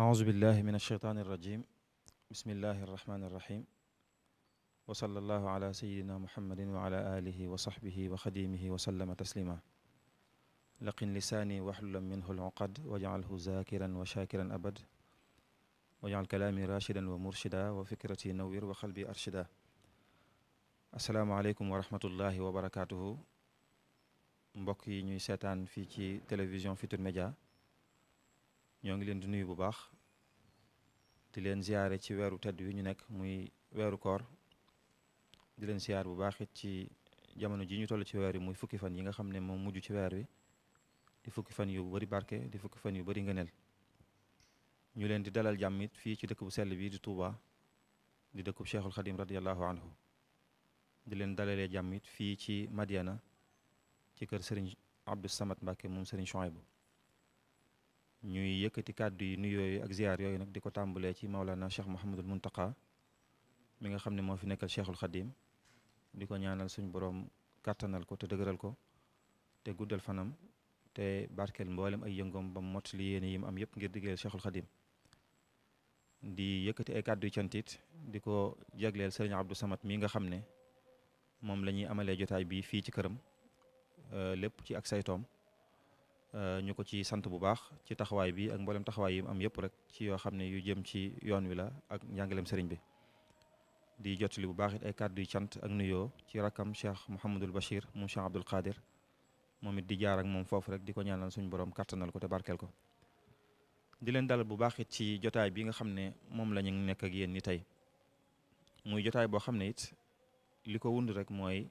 أعوذ بالله من الشيطان الرجيم بسم الله الرحمن الرحيم وصلى الله على سيدنا محمد وعلى آله وصحبه وخديمه وسلم تسليما لقن لساني وحلل منه العقد واجعله ذاكرا وشاكرا أبد واجعل كلامي راشدا ومرشدا وفكرتي نوير وقلبي أرشدا السلام عليكم ورحمة الله وبركاته مبقي yi في تلفزيون في ci ñoo ngi leen di nuyu bu baax di leen ziare ci weeru tedd wi ñu nekk muy weeru koor di leen ziar bu baax ci jamono ji ñu toll ci weer wi muy fukki fan yi nga xam ne moom mujj ci weer wi di fukki fan yu bari barke di fukki fan yu bari ngëneel ñu leen di dalal jàmm it fii ci dëkk bu sell bi di Touba di dëkkub Cheikhul Khadim radiyallahu anhu di leen dalalee jàmm it fii ci Madiana ci kër Serigne Abdou Samad Mbacke moom Serigne Chouaïbou ñuy yëkëti kàddu yi nuyooyu ak ziar yooyu nag di ko tàmbalee ci Maulana Cheikh Mouhamadul Mountakha mi nga xam ne moo fi nekkal Cheikhul Khadim di ko ñaanal suñu borom kàttanal ko te dëgëral ko te guddal fanam te barkel mboolem ay yëngoom ba mot li yéene yi am yëpp ngir diggeel Cheikhul Khadim di yëkkati ay kàddu yu cantit di ko jagleel sëriñ Abdou Samad mi nga xam ne moom la ñuy amalee jotaay bi fii ci këram lépp ci ak saytoom Euh, ñu ko ci sant bu baax ci taxawaay bi ak mboolem taxawaay yi am yëpp rek ci yoo xam ne yu jëm ci yoon wi la ak njàngaleem sëriñ bi di jottali bu baax it ay kàddu yu cant ak nuyoo ci rakkam Cheikh Mouhamadul Bachir mu Cheikh Abdoul Khadir moom it di jaar ak moom foofu rek di ko ñaanal suñu borom kattanal ko te barkeel ko. di leen dalal bu baax it ci jotaay bi nga xam ne moom la ñu nekk ak yéen ni tey muy jotaay boo xam ne it li ko wund rek mooy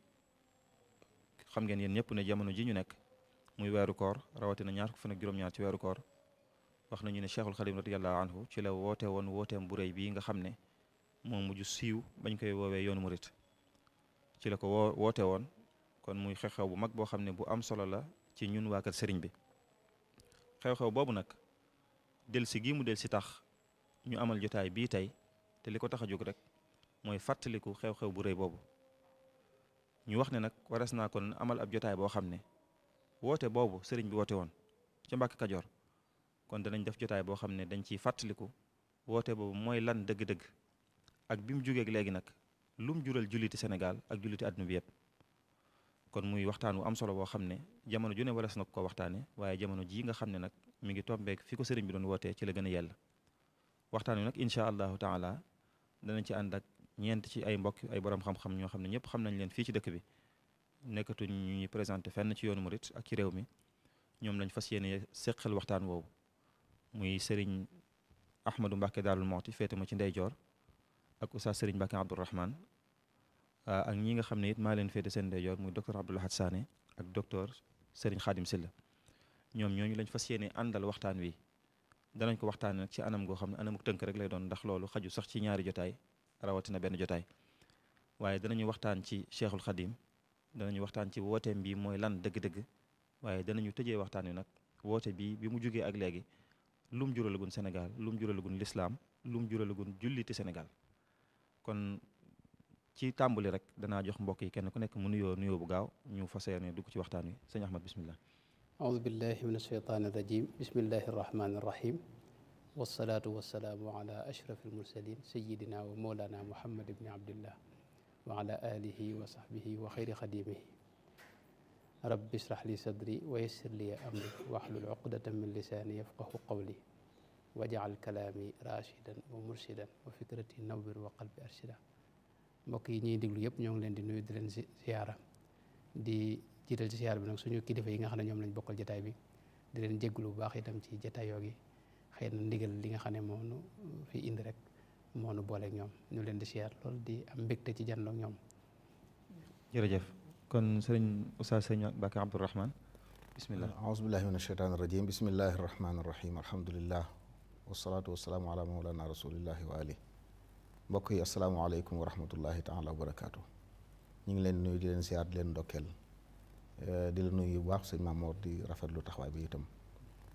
xam ngeen yéen ñëpp ne jamono ji ñu nekk. muy wéru koor na ñaar ko fana juróom-ñaar ci wéru koor wax nañu ne cheikhul khalim radiyallahu anhu ci la wote won wooteem bu reey bi nga xamne mo moom mujj siiw bañ koy wowe yoonu murit ci la ko wote won kon muy xew-xew bu mag bo xamne bu am solo la ci ñun waa kër bi xew-xew bobu nak del ci gi mu del ci tax ñu amal jotaay bi tay te liko taxaju rek moy fàttaliku xew-xew bu reey bobu ñu wax ne nak waras kon amal ab jotaay bo xamne woote boobu sëriñ bi woote woon ci Mbàkke Kajoor kon danañ def jotaay boo xam ne dañ ciy fàttaliku woote boobu mooy lan dëgg-dëgg ak bi mu jugee léegi nag lu mu jural julliti senegal ak julliti àdduna bi yëpp kon muy waxtaanu am solo boo xam ne jamono ju ne waras na ko waxtaane waaye jamono jii nga xam ne nag mu ngi tombeek fi ko sëriñ bi doon wootee ci la gën a yell waxtaan wi nag incha allahu taala danañ ci ànd ak ñeent ci ay mbokk ay borom xam ñoo xam ne ñëpp xam nañ leen fii ci dëkk bi nekkatuñ ñuy présenter fenn ci yoonu mourid ak ci réew mi ñoom lañ fas yéene séqal waxtaan woowu muy sëriñ Ahmadou Mbacke Daarul Mooti féete ma ci ndeyjoor ak Oustaz sëriñ Mbacke Abdourahman ak ñi nga xam ne it maa leen féete seen ndeyjoor muy docteur Abdou Lahad Sané ak docteur sëriñ Khadim Silla ñoom ñooñu lañ fas yéene àndal waxtaan wi danañ ko waxtaan nag ci anam goo xam ne anamuk tënk rek lay doon ndax loolu xaju sax ci ñaari jotaay rawatina benn jotaay waaye danañu waxtaan ci Cheikhul Khadim danañu waxtaan ci wooteem bi mooy lan dëgg-dëgg waaye danañu tëjee waxtaan wi nag woote bi bi mu jugee ak léegi lum juralagun Sénégal lum juralagun lislaam lum juralagun julliti senegal kon ci tàmbali rek danaa jox mbokk yi kenn ku nekk mu nuyoo nuyoo bu gaaw ñu fasee ne dugg ci waxtaan wi sëñ Ahmad bismillah aoudu billahi min asheytaani irajim bismillahi irrahmani irrahim wasalaatu wasalaamu ala ashraf almursalin sayidina wa moolana muhammad ibni abdillah وعلى آله وصحبه وخير خديمه رب اشرح لي صدري ويسر لي أمري واحلل عقدة من لساني يفقه قولي واجعل كلامي راشدا ومرشدا وفكرتي نور وقلبي أرشدا مكي ني ديغ ييب لين دي نوي دي زياره دي جيتال زيار بي نك سونو كيديفا ييغا نيوم لاني بوكال جتاي بي دي لين ديغلو باخ جتاي يوغي خينا نديغال ليغا خاني في اند moo nu booleeg ñoom ñu leen di siyaar lool di am mbégte ci jàndoog ñoom. jërëjëf kon sëriñ Oustaz sëriñ Bakar Abdourahman bismillah aousubillahi min asheytaan irajim bismillahi irrahmani irrahim alhamdulilah wasalaatu wasalaamu ala maulana rasulillahi wa ali mbokk yi asalaamualeykum wa rahmatullahi taala barakaatu ñu ngi leen nuyu di leen siyaar di leen ndokkeel eh, di la nuy bu baax sëñ Mamoor di lu taxawaay bi itam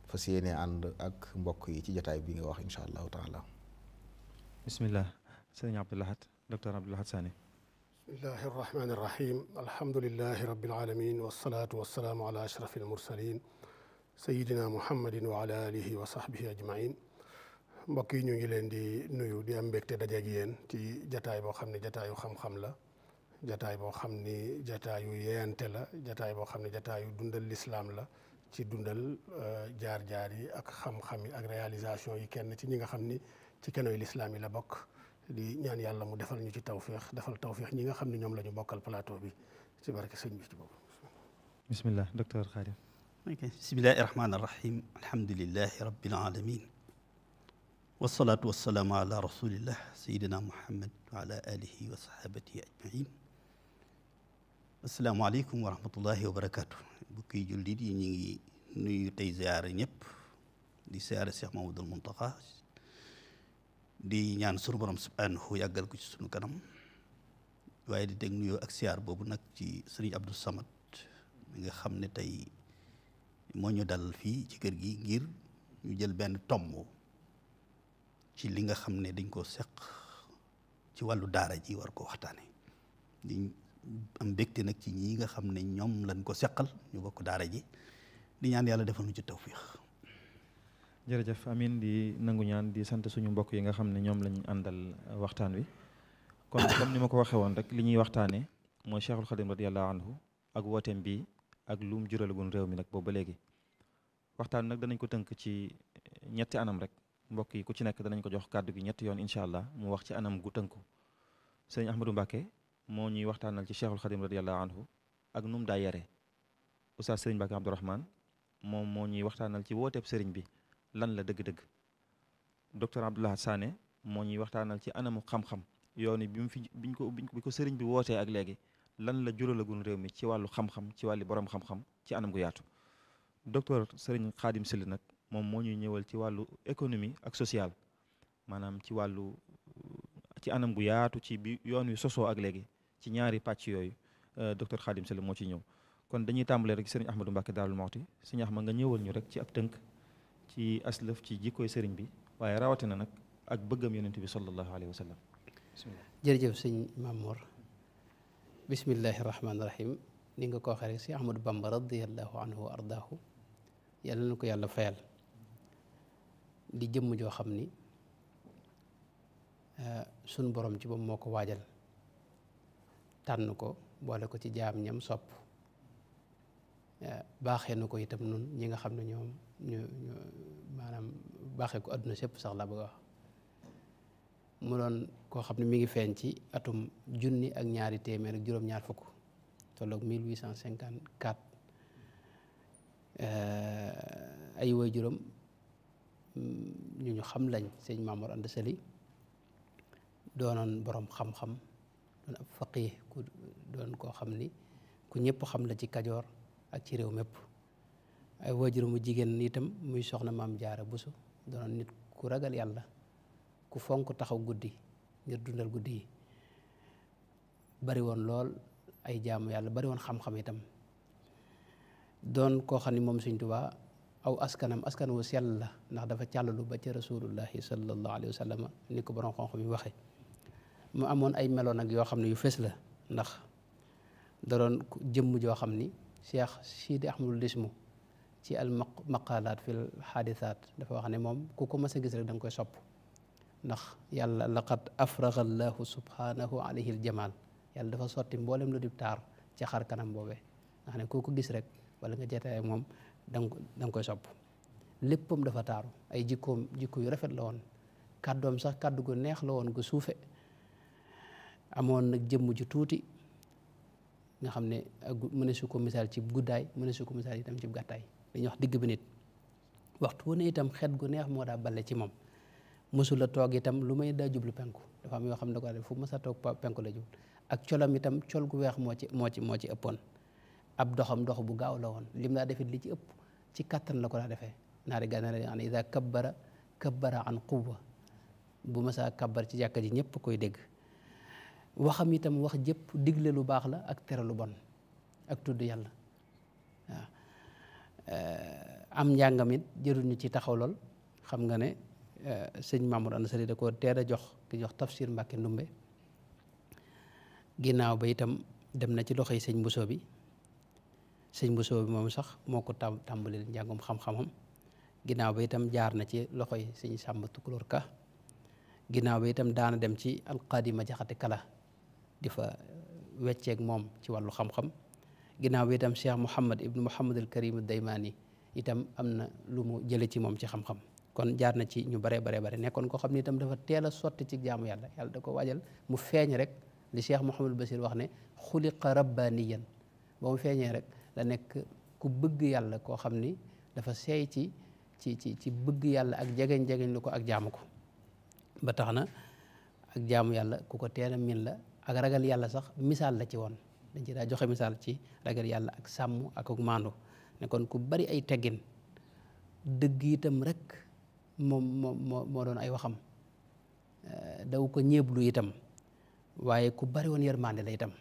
fas yéene ànd ak mbokk yi ci jataay bii nga wax incha allahu taala بسم الله سيدنا عبد اللحد دكتور عبد اللحد ثاني بسم الله الرحمن الرحيم الحمد لله رب العالمين والصلاة والسلام على أشرف المرسلين سيدنا محمد وعلى آله وصحبه أجمعين mbokk yi ñu ngi leen di nuyu di am mbégte dajeeg yéen ci jataay boo xam ne jataayu xam-xam la jataay boo xam ni jataayu yeeyante la jataay boo xam ne jataayu dundal lislaam la ci dundal jaar-jaar yi ak xam-xam yi ak réalisation yi kenn ci ñi nga xam ni ci kenoy l'islam yi la bok di ñaan yalla mu defal ñu ci tawfiq defal tawfiq ñi nga xamni ñom lañu bokal plateau bi ci barke señ بسم الله الرحمن الرحيم الحمد لله رب العالمين والصلاة والسلام على رسول الله سيدنا محمد وعلى آله وصحابته أجمعين السلام عليكم ورحمة الله وبركاته بكي جلدي نيو تي زيار نيب دي زيار الشيخ محمود di ñaan sunu borom subhanahu yàggal ko ci sunu kanam waaye di teg nuyoo ak siyaar boobu nag ci sëriñ Abdou Samad mi nga xam ne tey moo ñu dal fii ci kër gi ngir ñu jël benn tomb ci li nga xam ne dañ koo seq ci wàllu daara ji war ko waxtaane di am mbégte nag ci ñi nga xam ne ñoom lañ ko seqal ñu bokk daara ji di ñaan yàlla defal ñu ci tawfiix jërëjëf amin di nangu ñaan di sant suñu mbokk yi nga xam ne ñoom lañ àndal uh, waxtaan wi kon comme ni ma ko waxee woon rek li ñuy waxtaanee mooy Cheikhul Khadim radiyallahu anhu ak wooteem bii ak lum juralagun réew mi nag boobu ba léegi waxtaan nag danañ ko tënk ci ñetti anam rek mbokk yi ku ci nekk danañ ko jox kàddu gi ñetti yoon incha allah mu wax ci anam gu tënku sëñ Ahmadou Mbacke moo ñuy waxtaanal ci Cheikhul Khadim radiyallahu anhu ak num daa yare Oustaz Serigne Mbacke Abdourahmane moom moo ñuy waxtaanal ci wooteeb Serigne bi lan la dëgg-dëgg docteur Abdoulaye Sané moo ñuy waxtaanal ci anamu xam-xam yoon bi mu fi biñ ko bi ko sëriñ bi wootee ak léegi lan la juralagun réew mi ci wàllu xam-xam ci wàllu borom xam-xam ci anam gu yaatu docteur sëriñ Xaadim Syll nag moom moo ñuy ñëwal ci wàllu économie ak sociale maanaam ci wàllu ci anam gu yaatu ci bi yoon wi sosoo ak léegi ci ñaari pàcc yooyu euh, docteur Xaadim Syll moo ci ñëw kon dañuy tàmbalee rek sëriñ Ahmadou Mbacke Daarul Mawti sëriñ Ahmad nga ñëwal ñu rek ci ab tënk ci aslëf ci jikkooy serigne bi waye rawati na nak ak bëggam yonent bi sallallahu alayhi wa sallam bismillah jërëjëf sëñ Mamour bismillahi rahmaani rahim ni nga ko waxee rek si Ahmadou Bamba radiyallahu anhu wa ardaahu yàlla nako yàlla fayal di jëm jo xamni ni suñ borom ci bam moko ko waajal tànn ko boole ko ci jaam ñam sopp baaxee na ko itam nun ñi nga xam ne ñoom ñu ñu maanaam baaxee ko adduna sépp sax la bëgg a mu doon koo xam ne mi ngi feeñ ci atum junni ak ñaari téeméer ak juróom-ñaar fukk tolloog 1854 eh, ay woy juróom mm, ñu ñu xam lañ sëñ Mamoor Anta Sali doonoon borom xam-xam doon ab faqih doon koo xam ni ku ñëpp xam la ci Kajoor ak ci réew mépp ay waajuram mu jigéen itam muy soxna mam jaara busu doonoon nit ku ragal yalla ku fonku taxaw guddi ngir dundal guddi bari won lol ay jaamu yalla bari won xam-xam itam don ko xani mom seigne touba aw askanam askan wu sell la ndax dafa càllalu ba ci rasulullah sallallahu Alaihi Wasallam ni ko borom xonq mi waxe mu amone ay meloon ak yo xamni yu fess la ndax da Cheikh Sidi ahmadou lismou ci al maqalat fil hadithat dafa wax ne mom ku ko mas gis rek dang koy sop ndax yalla laqad afragha allah subhanahu alayhi al jamal yalla dafa soti mbollem lu dib tar ci xar kanam bobé ndax ne koo ko gis rek wala nga jetaay mom dang dang koy sop léppam dafa tar ay jikom jikko yu rafet la woon kàddoom sax kaddu gu neex la gu soufé amon nak jëm ju tuti nga xamne ne su ko ci mëne su itam ci li ñuy wax digg bi nit waxtu wu ne itam xet gu neex moo daa balle ci moom mosula toog itam lu may daa jublu penku dafa am yoo xam ne da ko def fu mos a toog penku la jublu ak colam itam col gu weex moo ci moo ci moo ci ëppoon ab doxam dox bu gaaw la lim daa defit li ci ëpp ci kàttan la ko daa defee naari gànnaar yi ida kabbara kabbara an quwwa bu masaa kabbar ci jàkka ji ñëpp koy dégg waxam itam wax jëpp digle lu baax la ak tere lu bon ak tudd yàlla Eh, am njàngam it ñu ci taxaw lol xam nga ne eh, seigne Mamour Ansari da ko teel jox ki jox tafsir mbacke Ndumbe ginaaw ba itam dem na ci loxey seigne Bousso bi seigne Bousso bi mom sax moko ko tam tàmbalil njàngum xam-xamam ginaaw ba itam jaar na ci loxey seigne samba tukulor Ka ginaaw ba itam daana dem ci alqaadima jaxate kala di fa ak eh, mom ci walu xam-xam ginnaaw bi itam Cheikh Mouhamed ibnu Mouhamed al Karim Daymaani itam am na lu mu jële ci moom ci xam-xam kon jaar na ci ñu bare bare bare nekkoon koo xam ne itam dafa teela a sotti ci jaamu yàlla yàlla da ko waajal mu feeñ rek li Cheikh Mouhamed Bachir wax ne xuliqa rabbaniyan ba mu feeñee rek la nekk ku bëgg yàlla koo xam ni dafa seey ci ci ci ci bëgg yàlla ak jegeñ jegeñ lu ko ak jaamu ko ba tax na ak jaamu yàlla ku ko teel a min la ak ragal yàlla sax misaal la ci woon dañ ci da joxe misal ci ragal yalla ak sam ak ak maandu ne kon ku bari ay teggin deug itam rek mom mo mo doon ay waxam eh, daw ko ñeblu itam waye ku bari won yermande la itam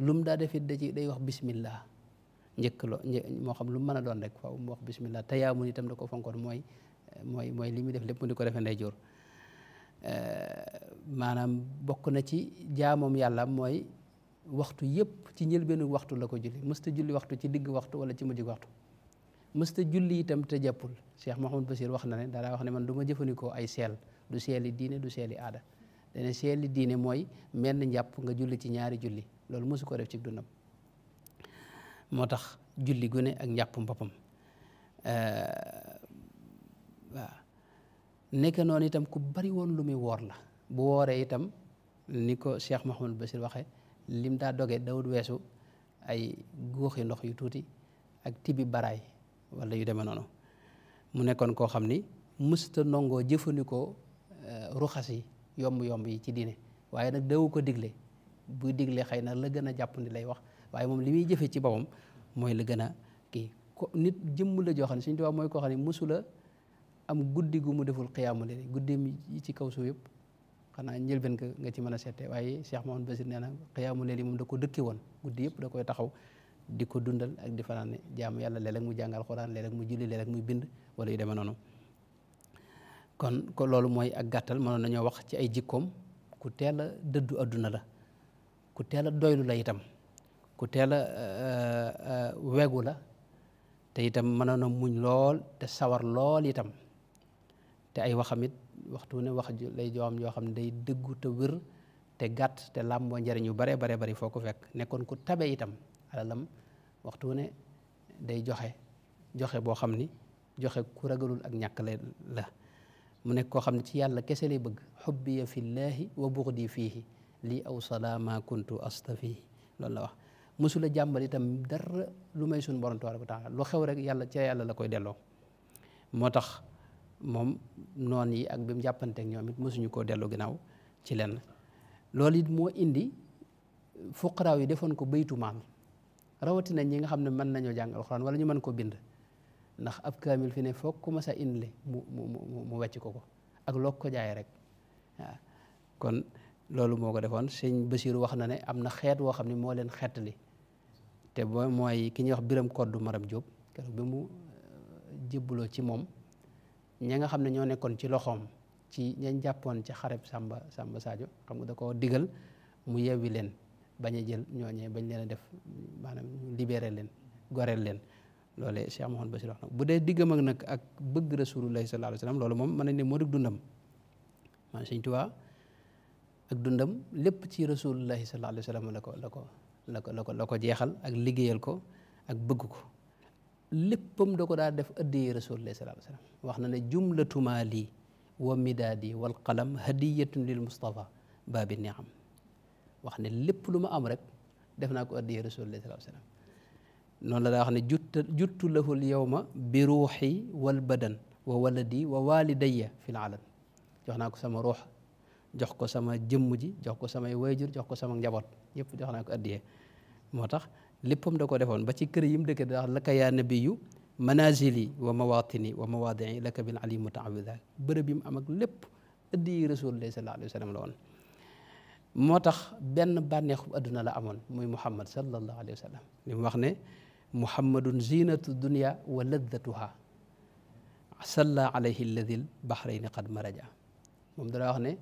lum da def da ci day wax bismillah lo mo xam lu mën a doon rek faaw mo wax bismillah tayamun itam da ko fonkoon moy moy moy limi def lepp mu di ko jor ndey joor eh, maanaam na ci jaamum yalla moy waxtu yépp ci njëlbeenu waxtu la ko julli mësta julli waxtu ci digg waxtu wala ci mujj waxtu mësta julli itam te jàppul Cheikh Mouhamadou Bachir wax na ne daa wax ne man du jëfanikoo jëfandikoo ay seel du seeli diine du seeli aada dana seeli diine mooy mel ni nga julli ci ñaari julli loolu mosu ko def ci dundam moo tax julli gu ak njàppum boppam waaw noonu itam ku bari woon lu muy woor la bu wooree itam ni ko Cheikh Mouhamadou Bachir waxee lim daa doge dawut weesu ay góoxi ndox yu tuuti ak tibi baraay walla yu demee noonu mu nekkoon koo xam ni mësta nongoo jëfandikoo eh, ruxas yi yomb-yomb yi ci diine waaye nag dawu ko digle buy digle xëy na la gën a jàpp ni lay wax waaye moom li muy jëfe ci boppam mooy la gën a kii nit jëmm la joo xam ne suñu tubaab mooy koo xam ne mësula am guddi gu mu deful xiyaamu leen guddi mi ci kaw suuf yëpp xanaa njëlbeen ka nga ci mën a seete waaye Cheikh Mahamadou Basir nee na xiyaamu leel yi moom da ko dëkki woon guddi yëpp da koy taxaw di ko dundal ak di fanaane jaam yàlla léeg-léeg mu jàngal xuraan léeg-léeg mu julli léeg muy bind wala yu demee noonu kon ko loolu mooy ak gàttal mënoon nañoo wax ci ay jikkoom ku teel a dëddu adduna la ku teel a doylu la itam ku teel a euh, euh, wegu la te itam mënoon a muñ lool te sawar lool itam te ay waxam waxtu ne wax lay joom yoo xam ne day dëggu te wër te gàtt te làmboo njariñ yu bare bare bari foo ko fekk nekkoon ku tabe itam alalam waxtu ne day joxe joxe boo xam ni joxe ku ragalul ak ñàkk la mu nekk koo xam ne ci yàlla kese lay bëgg xubbiya fillaahi wa buxdi fiihi lii aw salaama kuntu astafihi loolu la wax mosula jàmbal itam dara lu may sunu borom tabaaraka wa taala lu xew rek yàlla ca yàlla la koy delloo moo tax moom noon yi ak bi mu jàppanteek ñoom it mosuñu koo dellu ginnaaw ci lenn loolu it moo indi fuqaraaw yi defoon ko baytu maam rawatina ñi nga xam ne mën nañoo jàng alxuraan wala ñu mën ko bind ndax ab kaamil fi ne foog ku mas a indi mu mu mu mu wecc ko ko ak look ko jaay rek waaw kon loolu moo ko defoon sëñ Basiiru wax na ne am na xeet woo xam ne moo leen xeetali te boo mooy ki ñuy wax Biram Koddu Maram Jóob keroog bi mu euh, jébbaloo ci moom ña nga xam ne ñoo nekkoon ci loxoom ci ñañ jàppoon ci xareeb sàmba Samba saajo xam nga da koo digal mu yewwi leen bañ a jël ñooñee bañ leen a def maanaam libéré leen goreel leen loolee Cheikh Mouhamed Bachir wax na bu dee diggam ak nag ak bëgg Rasulullahi sallallahu alayhi wa sallam loolu moom mën nañ ne moo dëgg dundam man Sëñ Tuubaa ak dundam lépp ci Rasulullahi sallallahu alayhi wa sallam la ko la ko la ko la ko jeexal ak liggéeyal ko ak bëgg ko لبم دكو دف أدي رسول الله صلى الله عليه وسلم وحنا جملة مالي ومدادي والقلم هدية للمصطفى باب النعم وحنا لب لما أمرك دفنا كو أدي رسول الله صلى الله عليه وسلم نولا دا وحنا جت له اليوم بروحي والبدن وولدي ووالدي في العالم جوحنا كو سما روح جوح كو سما جمجي جوح كو سما ويجر جوح كو سما جبر يب جوحنا كو أدي موتخ léppam da ko defoon ba ci kër yim dëkk daal la ka yaa nabiyu manazili wa mawatini wa mawaadii laka bil ali mutaawida bërëb yim am ak lépp ëddi rasulullah sallallahu alayhi wa sallam la woon moo tax benn bànneexu adduna la amoon muy muhammad sallallahu alayhi wa sallam li mu wax ne muhammadun zinatu dunia wa laddatuha salla alayhi alladi l bahrayni qad maraja moom dala wax ne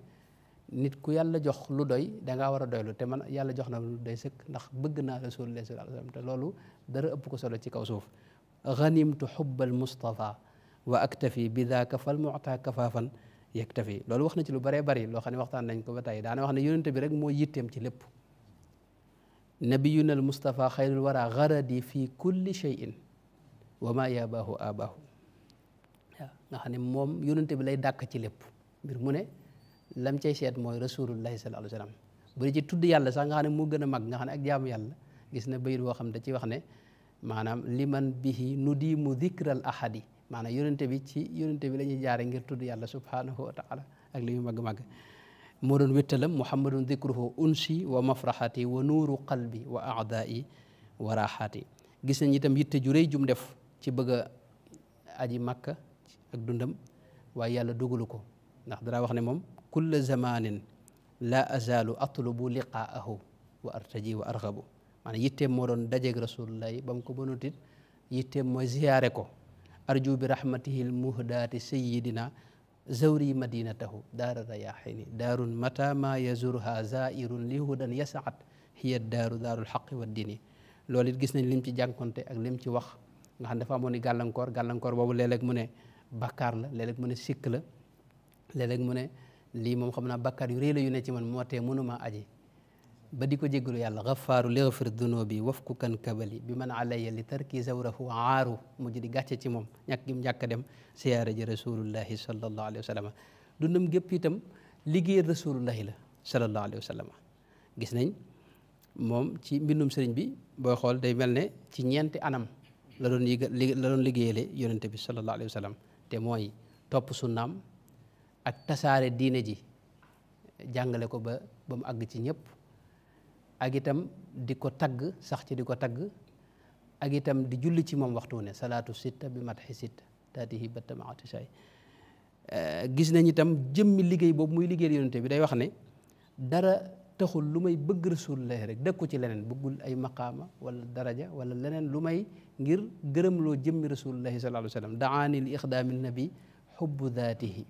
nit ku yàlla jox lu doy da ngaa war a doylu te man yàlla jox na lu doy sëkk ndax bëgg naa rasulullah sallallahu alayhi wasallam te loolu dara ëpp ko solo ci kaw suuf ghanimtu xubbal mustafa wa aktafi bi daaka fal muta kafaafan yaktafi loolu wax na ci lu bëree bëri loo xam ne waxtaan nañ ko ba tey daana wax ne yonent bi rek moo yitteem ci lépp nabiyuna al mustafa xayrul wara garadi fi kulli cheyin wa ma yabaahu abaahu waaw nga xam ne moom yonent bi lay dàkk ci lépp mbir mu ne lam cay seet mooy rasulullahi sallallahu alayhi wa sallam bu dee ci tudd yàlla sax nga xam ne moo gën a mag nga xam ne ak jaamu yàlla gis na bayit woo xam ne da ci wax ne maanaam liman bihi nu diimu dikral ahadi maanaam yonente bi ci yonente bi la ñuy jaare ngir tudd yàlla subhanahu wa ak li mag-mag moo doon wéttalam muhammadun dikruhu unsi wa mafrahati wa nuuru qalbi wa aadai wa rahaati gis nañ itam yitte ju réy jum def ci bëgg a aji makka ak dundam waaye yàlla dugalu ko ndax dara wax ne moom كل زمان لا أزال أطلب لقاءه وأرتجي وأرغب maanaam yitteem moo doon dajeeg rasulullahi ba mu ko mënutit yitteem mooy ziyaare ko arju bi rahmatihil muhdaati sayidina zawri madinatahu daara rayaxini daarun mata ma yazurha zairun li hudan yasaat hiya daaru daarul xaqi wa dini loolu it gis nañ lim ci jànkonte ak lim ci wax nga xam dafa amoon i gàllankoor gàllankoor boobu léeg-léeg mu ne bakkaar la léeg-léeg mu ne sikk la léeg-léeg mu ne li mom xamna bakkar yu reey la yu ne ci man moo tee mënuma aji ba diko ko jéggalu yàlla xafaaru lixfir dunubi waf wafku kan kabali bi man alayya li tarki zawrahu aaru mujj di gàcce ci mom ñak gi mu dem siyaara ji rasulullahi sallallahu alayhi wasallam dundum gep itam liggéeyal rasulullahi la salallahu alayhi wasallam gis nañ mom ci mbindum serigne bi boy xol day melne ci ñeenti anam la doon la doon liggéeyale yonente bi sallallahu alayhi wasallam te moy top sunnam ak tasaare diine ji jàngale ko ba ba mu àgg ci ñëpp ak itam di ko tagg sax ci di ko tagg ak itam di julli ci moom waxtu ne salaatu sitta bi matxi sitta taatihi battamaati say eh, gis nañ itam jëmmi liggéey boobu muy liggéey yonente bi day wax ne dara taxul lu may bëgg rasulullahi rek dëkku ci leneen bëggul ay maqaama wala daraja wala leneen lu may ngir gërëm loo jëmmi rasulullahi sallallahu alayhi wa sallam daani li ixdaami nabi xubbu daatihi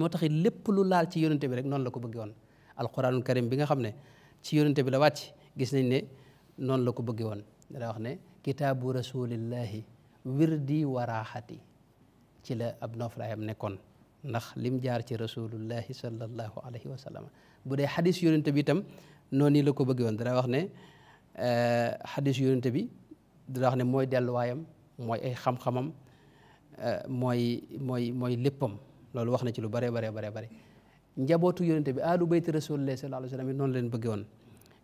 moo taxit lépp lu laal ci yonente bi rek noonu la ko bëggee woon alquranul karim bi nga xam ne ci yonente bi la wàcc gis nañ ne noonu la ko bëggee woon dana wax ne kitaabu rasulillahi wirdi waraaxati ci la ab noflaayam nekkoon ndax lim jaar ci rasulullahi sallallahu alayhi wa sallam bu dee xadis yonente bi itam noonu la ko bëggee woon dana wax ne xadis yonente bi dana wax ne mooy delluwaayam mooy ay xam-xamam mooy mooy mooy léppam loolu wax na ci lu bare bare bare bare njabootu yonente bi aalu bayti rasulillah sallallahu alayhi wa sallam it noonu leen bëgge woon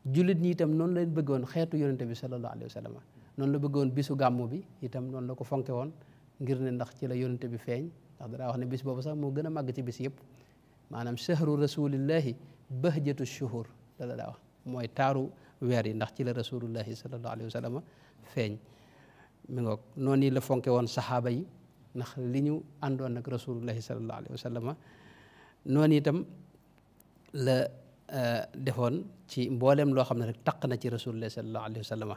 jullit ñi itam noonu leen bëgge woon xeetu yonente bi sallallahu alayhi wa sallam noonu la bëgge woon bisu gàmmu bi itam noonu la ko fonke woon ngir ne ndax ci la yonente bi feeñ ndax danaa wax ne bis boobu sax moo gën a màgg ci bis yëpp maanaam shahru rasulillahi bahjatu shuhur la la daa wax mooy taaru weer yi ndax ci la rasulullahi sallallahu alayhi wa sallam feeñ mi ngoog noonu la fonke woon saxaaba yi ndax li ñu àndoon ak rasulullahi sallallahu alayhi wa sallam noonu itam la euh, defoon ci mbooleem loo xam ne rek taq na ci rasulullahi sallallahu alayhi wa sallam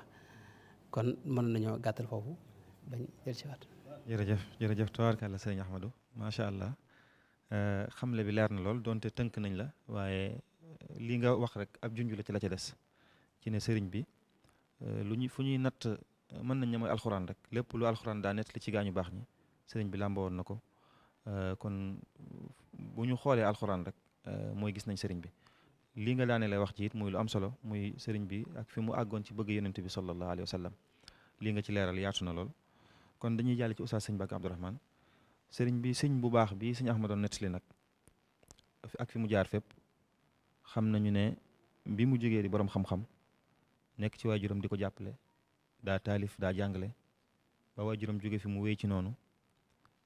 kon mën nañoo gàttal foofu bañ jël si waat jërëjëf jërëjëf tabaarkalla sëriñ Ahmadou macha allah euh, xamle bi leer na lool donte tënk nañ la waaye euh, lii nga wax rek ab junj la ci la ca des ci ne sëriñ bi lu ñu fu ñuy natt mën nañ ne alxuraan rek lépp lu alxuraan daa nett li ci gaañu baax ñi sëriñ bi làmboon na ko kon bu ñu xoolee alxuraan rek mooy gis nañ sëriñ bi lii nga daane lay wax ci it muy lu am solo muy sëriñ bi ak fi mu àggoon ci bëgg yonent bi sallallahu alayhi wa sallam lii nga ci leeral yaatu na lool kon dañuy jàll ci oustaz sëñ Bakk Abdourahmane sëriñ bi sëñ bu baax bi sëñ Ahmadoon nettali nag ak fi mu jaar fépp xam nañu ne bi mu jógee di borom xam-xam nekk ci waajuram di ko jàppale daa taalif daa jàngale ba waajuram jóge fi mu wéy ci noonu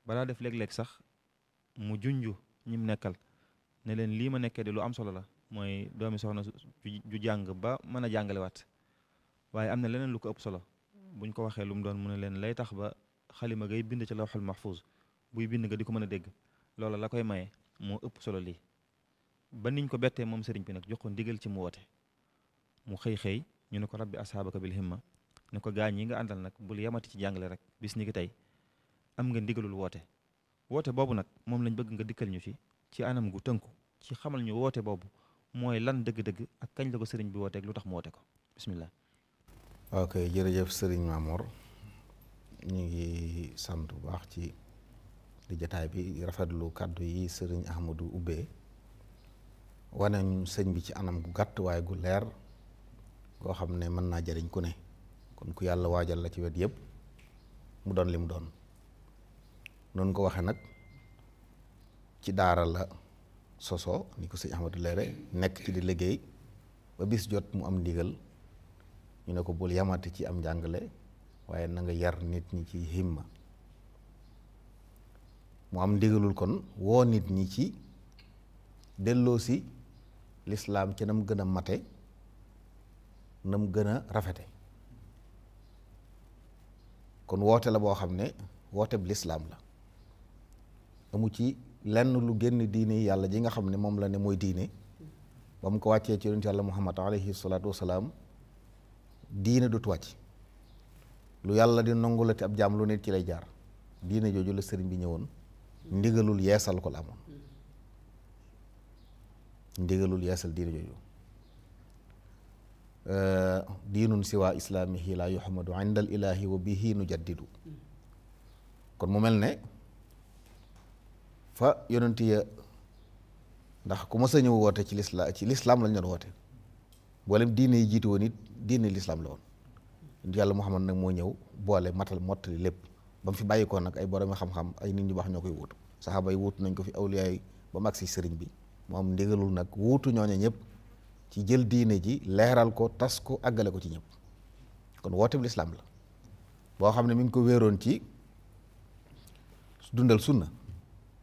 balaa def léeg-léeg sax mu junju ñim nekkal ne leen lii ma nekkee di lu am solo la mooy doomi soxna ju jàng ba mën a jàngalewaat waaye am na leneen lu ko ëpp solo buñ ko waxee lu mu doon mu ne leen lay tax ba xalima ngay bind ci lawxul mahfuz buy bind nga di ko mën a dégg loola la koy maye moo ëpp solo lii ba niñ ko bettee moom sëriñ bi nag jox ko ndigal ci mu woote mu xëy-xëy ñu ne ko rabbi asxaabaka bil himma ne ko gaañ yi nga àndal nag bul yamati ci jàngale rek bis ni tey am nga ndigalul woote woote boobu nag moom lañ bëgg nga dikkal ñu ci ci anam gu tënku ci xamal ñu woote boobu mooy lan dëgg-dëgg ak kañ la ko sëriñ bi wooteeg lu tax mu ko bisimilah. ok jërëjëf sëriñ Mamour ñu ngi sant bu baax ci di jataay bi rafetlu kàddu yi sëriñ Ahmadou ubbee waneñ sëñ bi ci anam gu gàtt waaye gu leer goo xam ne mën naa jariñ ku ne kon ku yàlla waajal la ci wet yëpp mu doon li mu doon. noonu ko waxee nag ci daara la soso ni ko sëñ Ahmadou nekk ci di liggéey ba bis jot mu am ndigal ñu ne ko bul yamati ci am njàngale waaye na nga yar nit ñi ci himma mu am ndigalul kon woo nit ñi ci delloo si lislaam ci nam gën a mate nam gën a rafete kon woote la boo xam ne woote bi lislaam la amu ci lenn lu génn diine yàlla ji nga xam ne moom la ne mooy diine ba mu ko wàccee ci yonent yàlla muhammad alayhi salaatu wasalaam diine dootu wàcc lu yàlla di nangu la te ab jaam lu nit ci lay jaar diine jooju la sëriñ bi ñëwoon ndigalul yeesal ko la amoon ndigalul yeesal diine jooju diinun siwaa islaamihi laa yuhamadu indal ilaahi nu jaddidu kon mu mel ne fa yonent ya ndax ku ma sa ñëw woote ci lislaam ci lislaam lañ doon woote mboolem diine yi jiitu woon it diine lislaam la woon yàlla Muhammad nag moo ñëw boole matal mottali lépp ba mu fi bàyyi ko nag ay boroomi xam-xam ay nit ñu baax ñoo koy wuutu saxaaba yi wuutu nañ ko fi awliyaay ba mag si sëriñ bi mu am ndigalul nag wuutu ñooñu ñëpp ci jël diine ji leeral ko tas ko àggale ko ci ñëpp kon woote bi lislaam la boo xam ne mi ngi ko wéeroon ci dundal sunna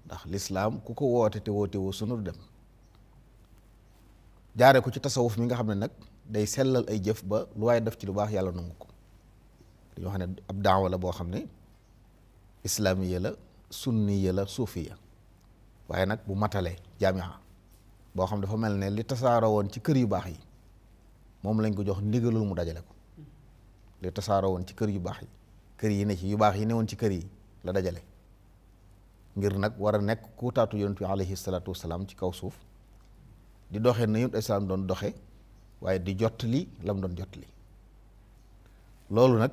ndax lislaam ku ko woote te woote woo sunu dem jaare ko ci tasawuf mi nga xam ne nag day sellal ay jëf ba lu waaye def ci lu baax yàlla nangu ko dañoo xam ne ab daawa la boo xam ne islaamiya la sunniya la suufiya waaye nag bu matalee jaamiha boo xam dafa mel ne li tasaaroo woon ci kër yu baax yi moom lañ ko jox ndigalul mu dajale ko li tasaaroo woon ci kër yu baax yi kër yi ne ci yu baax yi ne woon ci kër yi la dajale ngir nak wara nek ku kuutaatu yonent alayhi salatu wassalam ci kaw suuf di doxé ne yonent islam don doxé waye di jotli lam don jotli lolou nak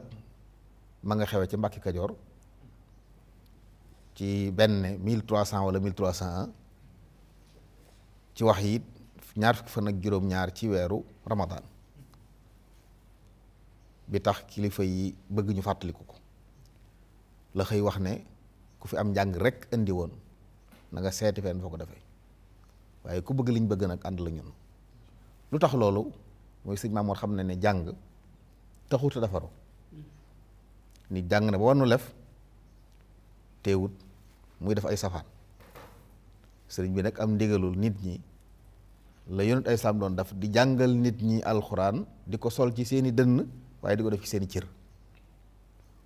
ma nga xewé ci Mbàkke kadior ci ben 1300 wala 1301 fana girum nyar ci wax yi ñaar fukki fan ak juróom-ñaar ci wéru ramadan bi tax kilifa yi bëgg ñu fatali ko la xey wax ne ku fi am jang rek indi won na nga seeti fen foko dafay waye ku bëgg liñ bëgg nak and la ñun lu lolu moy seigne mamour xam na ne jang taxut a ni jang na ba lef teewut muy def ay safaan sëriñ bi nak am ndigalul nit ñi la yonent ay saam doon daf di jangal nit ñi alquran di sol ci seeni deun waye diko def ci seeni cër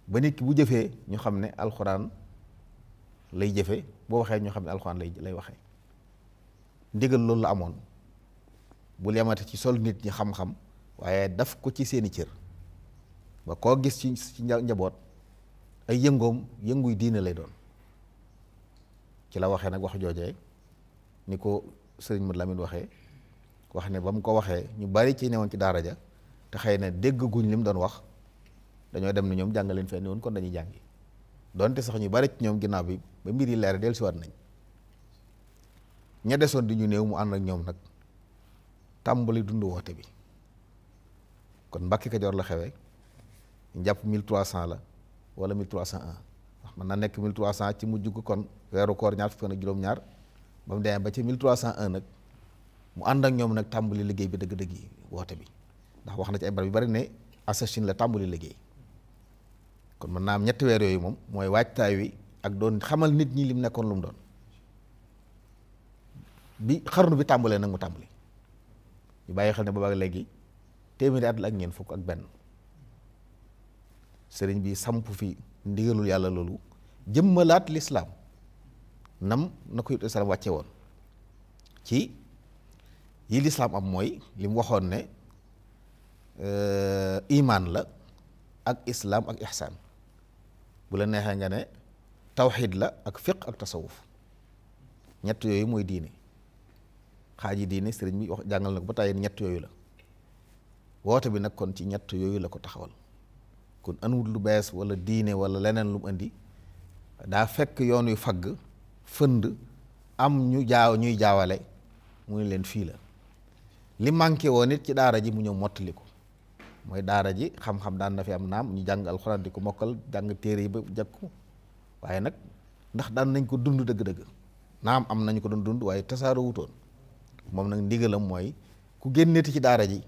ba nit ki bu ñu alquran lay jëfe boo waxee ñu xam ne alxuraan lay lay waxee ndigal loolu la amoon bu lemate ci sol nit ñi xam-xam waaye daf ko ci seeni cër ba koo gis ci ci njaboot ay yëngoom yënguy diine lay doon ci la waxee nag wax jooje ni ko sëriñ Mad Lamin waxee wax ne ba mu ko waxee ñu bari ci newoon ci daara ja te xëy na dégg guñ li mu doon wax dañoo dem ne ñoom jàngaleen fenn woon kon dañuy jàngi donte sax ñu bari ci ñoom ginnaaw bi ba mbir yi leer dellusiwaat nañ ña desoon di ñu néew mu ànd ak ñoom nag tàmbali dund woote bi kon Mbàkke Kajoor la xewee njàpp mille trois cent la wala mille trois cent un mën na nekk mille cent ci mujj ko kon weeru koor ñaar fukk ak juróom ba mu ci mille cent un nag mu ànd ak ñoom nag tàmbali liggéey bi dëgg-dëgg yi woote bi ndax wax na ci ay barab yu bari ne assassine la tàmbali liggéey kon mën naa am ñetti weer yooyu moom mooy waajtaay wi ak doon xamal nit ñi lim nekkoon lu mu doon bi xarnu bi tàmbalee nag mu tàmbali ñu bàyyi xel ne boobaak léegi téeméeri at la ak ñeent fukk ak benn sëriñ bi samp fi ndigalul yàlla loolu jëmmalaat lislaam nam na ko islaam wàcce woon ci yi lislaam am mooy li mu waxoon ne euh, imaan la ak islaam ak ihsaan bu la neexee nga ne tawxid la ak fiq ak tasawuf ñett yooyu mooy diine xaaji diine sëriñ bi wax jàngal na ko ba tàyyi ñett yooyu la woote bi nag kon ci ñett yooyu la ko taxawal kon anwut lu bees wala diine wala leneen lu mu indi daa fekk yoon yu fagg fënd am ñu jaaw ñuy jaawale mu ne leen fii la li manqué woo nit ci daara ji mu ñëw mottali ko mooy daara ji xam-xam daan na fi am naam ñu jàng alxuraan di ko mokkal jàng téere yi ba jàkku waaye nag ndax daan nañ ko dund dëgg-dëgg naam am nañ ko doon dund waaye tasaaroo wutoon moom nag ndigalam mooy ku génneeti ci daara ji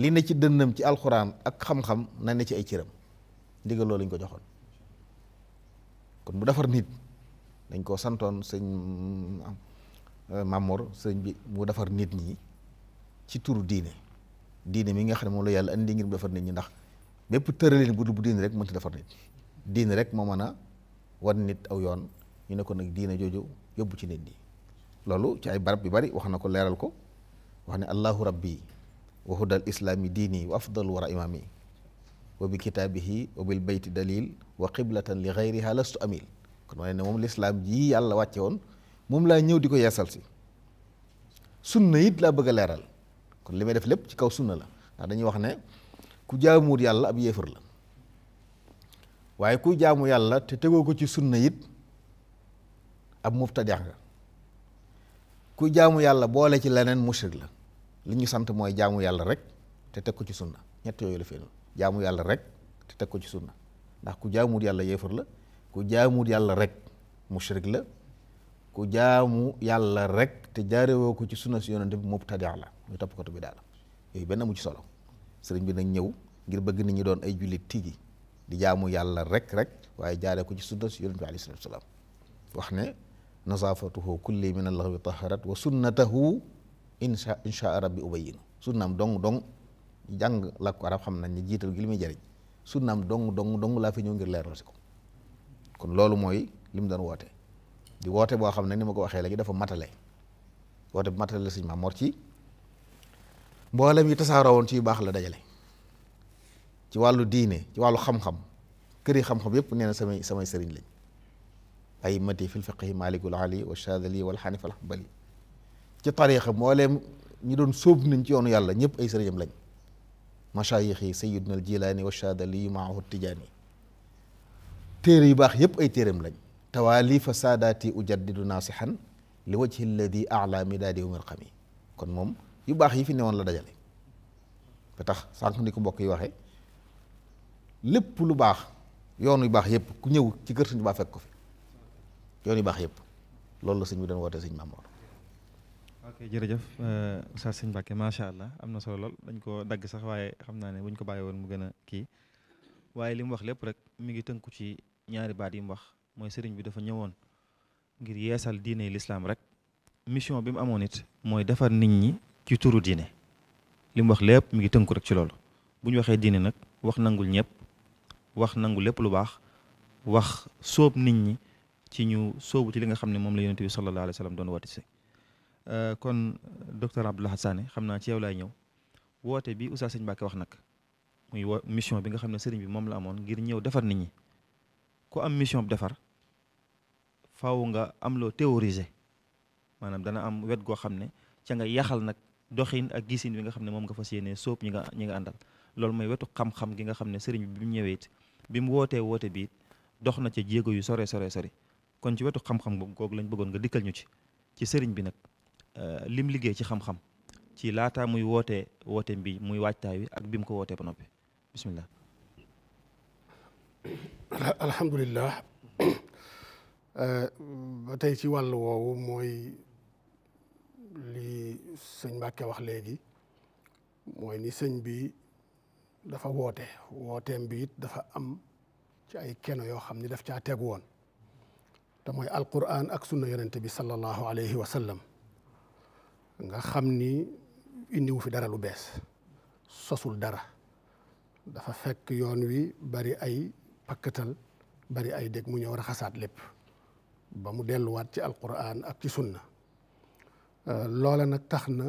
li ne ci dënnam ci alxuraan ak xam-xam na ne ci ay cëram ndigal lañ ko joxoon kon bu defar nit dañ koo santoon sëñ euh, sëñ bi mu defar nit ñi ci turu diine diine mi nga xam ne moom la yàlla andi ngir mu defar nit ñi ndax bépp tëralin bu bu diine rek mënta defar nit diine rek moo mën a wan nit aw yoon ñu ne ko nag diine jooju yóbbu ci nit ñi loolu ci ay barab yu bari wax na ko leeral ko wax ne allahu rabbi wa hudal islaami diini wa afdal wara imami wa bi kitabihi wa bil bayti dalil wa qiblatan li gayriha lastu amil kon ma ne moom lislaam ji yàlla wàcce woon moom laa ñëw di ko yeesal si sunna it laa bëgg a leeral kon li may def lépp ci kaw sunna la ndax dañuy wax ne ku jaamuwut yàlla ab yéefar la waaye ku jaamu yàlla te tegoo ko ci sunna it ab mubtadi'a nga ku jaamu yàlla boole ci leneen mushrik la li ñu sant mooy jaamu yàlla rek te teg ko ci sunna ñett yooyu la fii yàlla rek teg ko ci sunna ndax ku jaamuwut yàlla yéefar la ku jaamuwut yàlla rek mushrik la ku jaamu yàlla rek te jaarewoo ko ci sunna si yonente bi mubtadi'a la ñu toppatoo bi daal yooyu benn mu ci solo sëriñ bi nañ ñëw ngir bëgg nit ñu doon ay jullit tigi di jaamu yàlla rek rek waaye jaaree ko ci sunna si yonent bi alayhi salaatu salaam wax ne nasaafatuhu kulli na allahi taharat wa sunnatahu insha insha rabbi ubayyin sunnaam dong dong jàng làkku arab xam nañ ne jiital gi li muy jëriñ sunnaam dong dong dong laa fi ñëw ngir leeral si ko kon loolu mooy li mu doon woote di woote boo xam ne ni ma ko waxee léegi dafa matale woote bu matale la sëñ ma Mor ci mboolem yi tasaaroo woon ci yu baax la dajale ci wàllu diine ci wàllu xam-xam këri xam-xam yépp nee na samay samay sëriñ lañ ay mati fil fiqhi malikul ali wa shadali wal xanif al xambali ci tariixa mboolem ñi doon sóob nañ ci yoonu yàlla ñëpp ay sëriñam lañ mashayix yi al jilaani wa shadali maahu tijaani téere yu baax yépp ay téeram lañ tawaalifa saadaati ujaddidu naasixan li wajhi alladi ala midaadi wa mirqami kon moom yu bax yi fi newon la dajale ba tax sank ni ko mbok yi waxe lepp lu bax yoonu yu yep ku ñew ci kër Sëñ ba fekk ko fi yoonu yu yep loolu la sëñ bi doon wootee sëñ Maam Mor euh sa Oustaz Sëñ ma sha allah amna na solo lool dañ ko dag sax waye xamna ne buñ ko baye won mu gëna ki waye waaye wax lepp rek mi ngi tënku ci ñaari baat yi mu wax moy sëriñ bi dafa ñewon ngir yeesal diine l'islam rek mission bi mu amone it moy defar nit ñi ci turu diine li mu wax lépp mi ngi tënku rek ci loolu bu ñu waxee diine nag wax nangul ñëpp wax nangu lépp lu baax wax sóob nit ñi ci ñu sóobu ci li nga xam ne moom la yonent bi sallallahu alayhi wa sallam doon woote si euh, kon docteur Abdou Lahad Sané xam naa ci yow laay ñëw woote bi Oustaz Sëñ Mbacke wax nag muy wo mission bi nga xam ne sëriñ bi moom la amoon ngir ñëw defar nit ñi ko am mission bu defar faaw nga am loo théoriser maanaam dana am wet goo xam ne ca nga yaxal nag doxin ak gisin bi nga xam ne moom nga fas yéenee sóob ñi nga ñi nga àndal loolu mooy wetu xam-xam gi nga xam ne sëriñ bi bi mu ñëwee it bi mu wootee woote bi dox na ca jéego yu sore sore sori kon ci wetu xam-xam kook lañ bëggoon nga dikkal ñu ci ci sëriñ bi nag euh, lim liggéey ci xam-xam ci laataa muy wootee woote mbi muy waajtaay wi ak bim ko wootee ba noppi bismillah alhamdulillah euh, ba wàll woowu mooy li sëñ Mbàkke wax léegi mooy ni sëñ bi dafa woote wooteem bi it dafa am ci ay keno yoo daf alquran ak sunna yonente bi sallallahu alayhi wa sallam nga xam fi dara lu sosul dara dafa fekk yoon wi bari ay pakkatal bari ay dégg mu ñëw raxasaat lépp ba mu ci alquran ak ci sunna Euh, loola nag tax na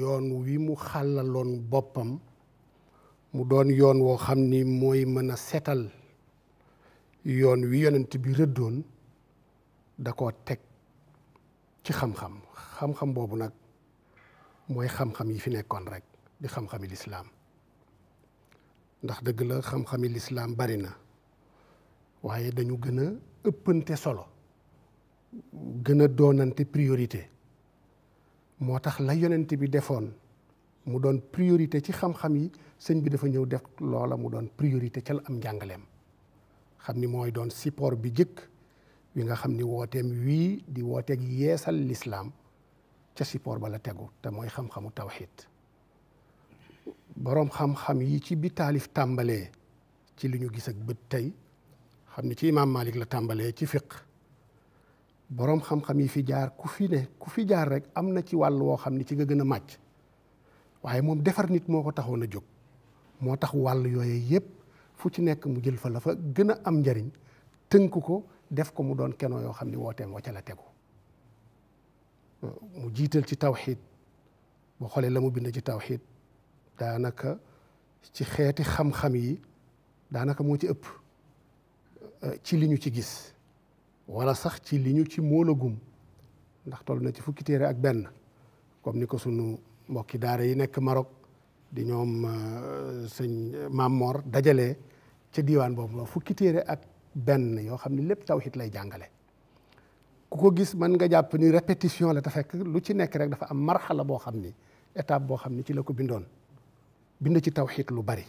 yoon wi mu xàllaloon boppam mu doon yoon woo xam ni mooy mën a setal yoon wi yonent bi rëddoon da koo teg ci xam-xam xam-xam boobu nag mooy xam-xam yi fi nekkoon rek di xam-xami lislaam ndax dëgg la xam-xami lislaam bari na waaye dañu gën a ëppante solo gën a doonante priorité motax la yonent bi defoon mu don priorité ci xam-xam yi sëñ bi dafa ñëw def loola mu don priorité ci la am njàngaleem xamni ni don support bi jëkk wi nga xamni ni wi di di ak yeesal l'islam ci support ba la teggu te moy xam-xamu tawhid borom xam-xam yi ci bi talif tambalé ci liñu gis ak bët tay xamni ci imam Malik la tambalé ci fiqh borom xam-xam yi fi jaar ku fi ne ku fi jaar rek am na ci wàll woo xam ne ci nga gën a màcc waaye moom defar nit moo ko taxoon a jóg moo tax wàll yooyu yépp fu ci nekk mu jël fa la fa gën a am njariñ tënk ko def ko mu doon keno yoo xam ne wooteem ca la tegu mu jiital ci tawxiid boo xoolee la mu bind ci tawxiid daanaka ci xeeti xam-xam yi daanaka moo ci ëpp ci li ñu ci gis wala sax ci liñu ci ci gum ndax toll na ci fukki téere ak benn comme ni ko sunu mbokki daara yi nekk Maroc di ñoom euh, sëñ Maam Mor dajalee ca diiwaan boobu la fukki téere ak benn yoo xam ne lépp tawhid lay jàngale ku ko gis man nga jàpp ni répétition la te fekk lu ci nekk rek dafa am marxala boo xam ni étape boo xam ni ci la ko bindoon bind ci tawhid lu bari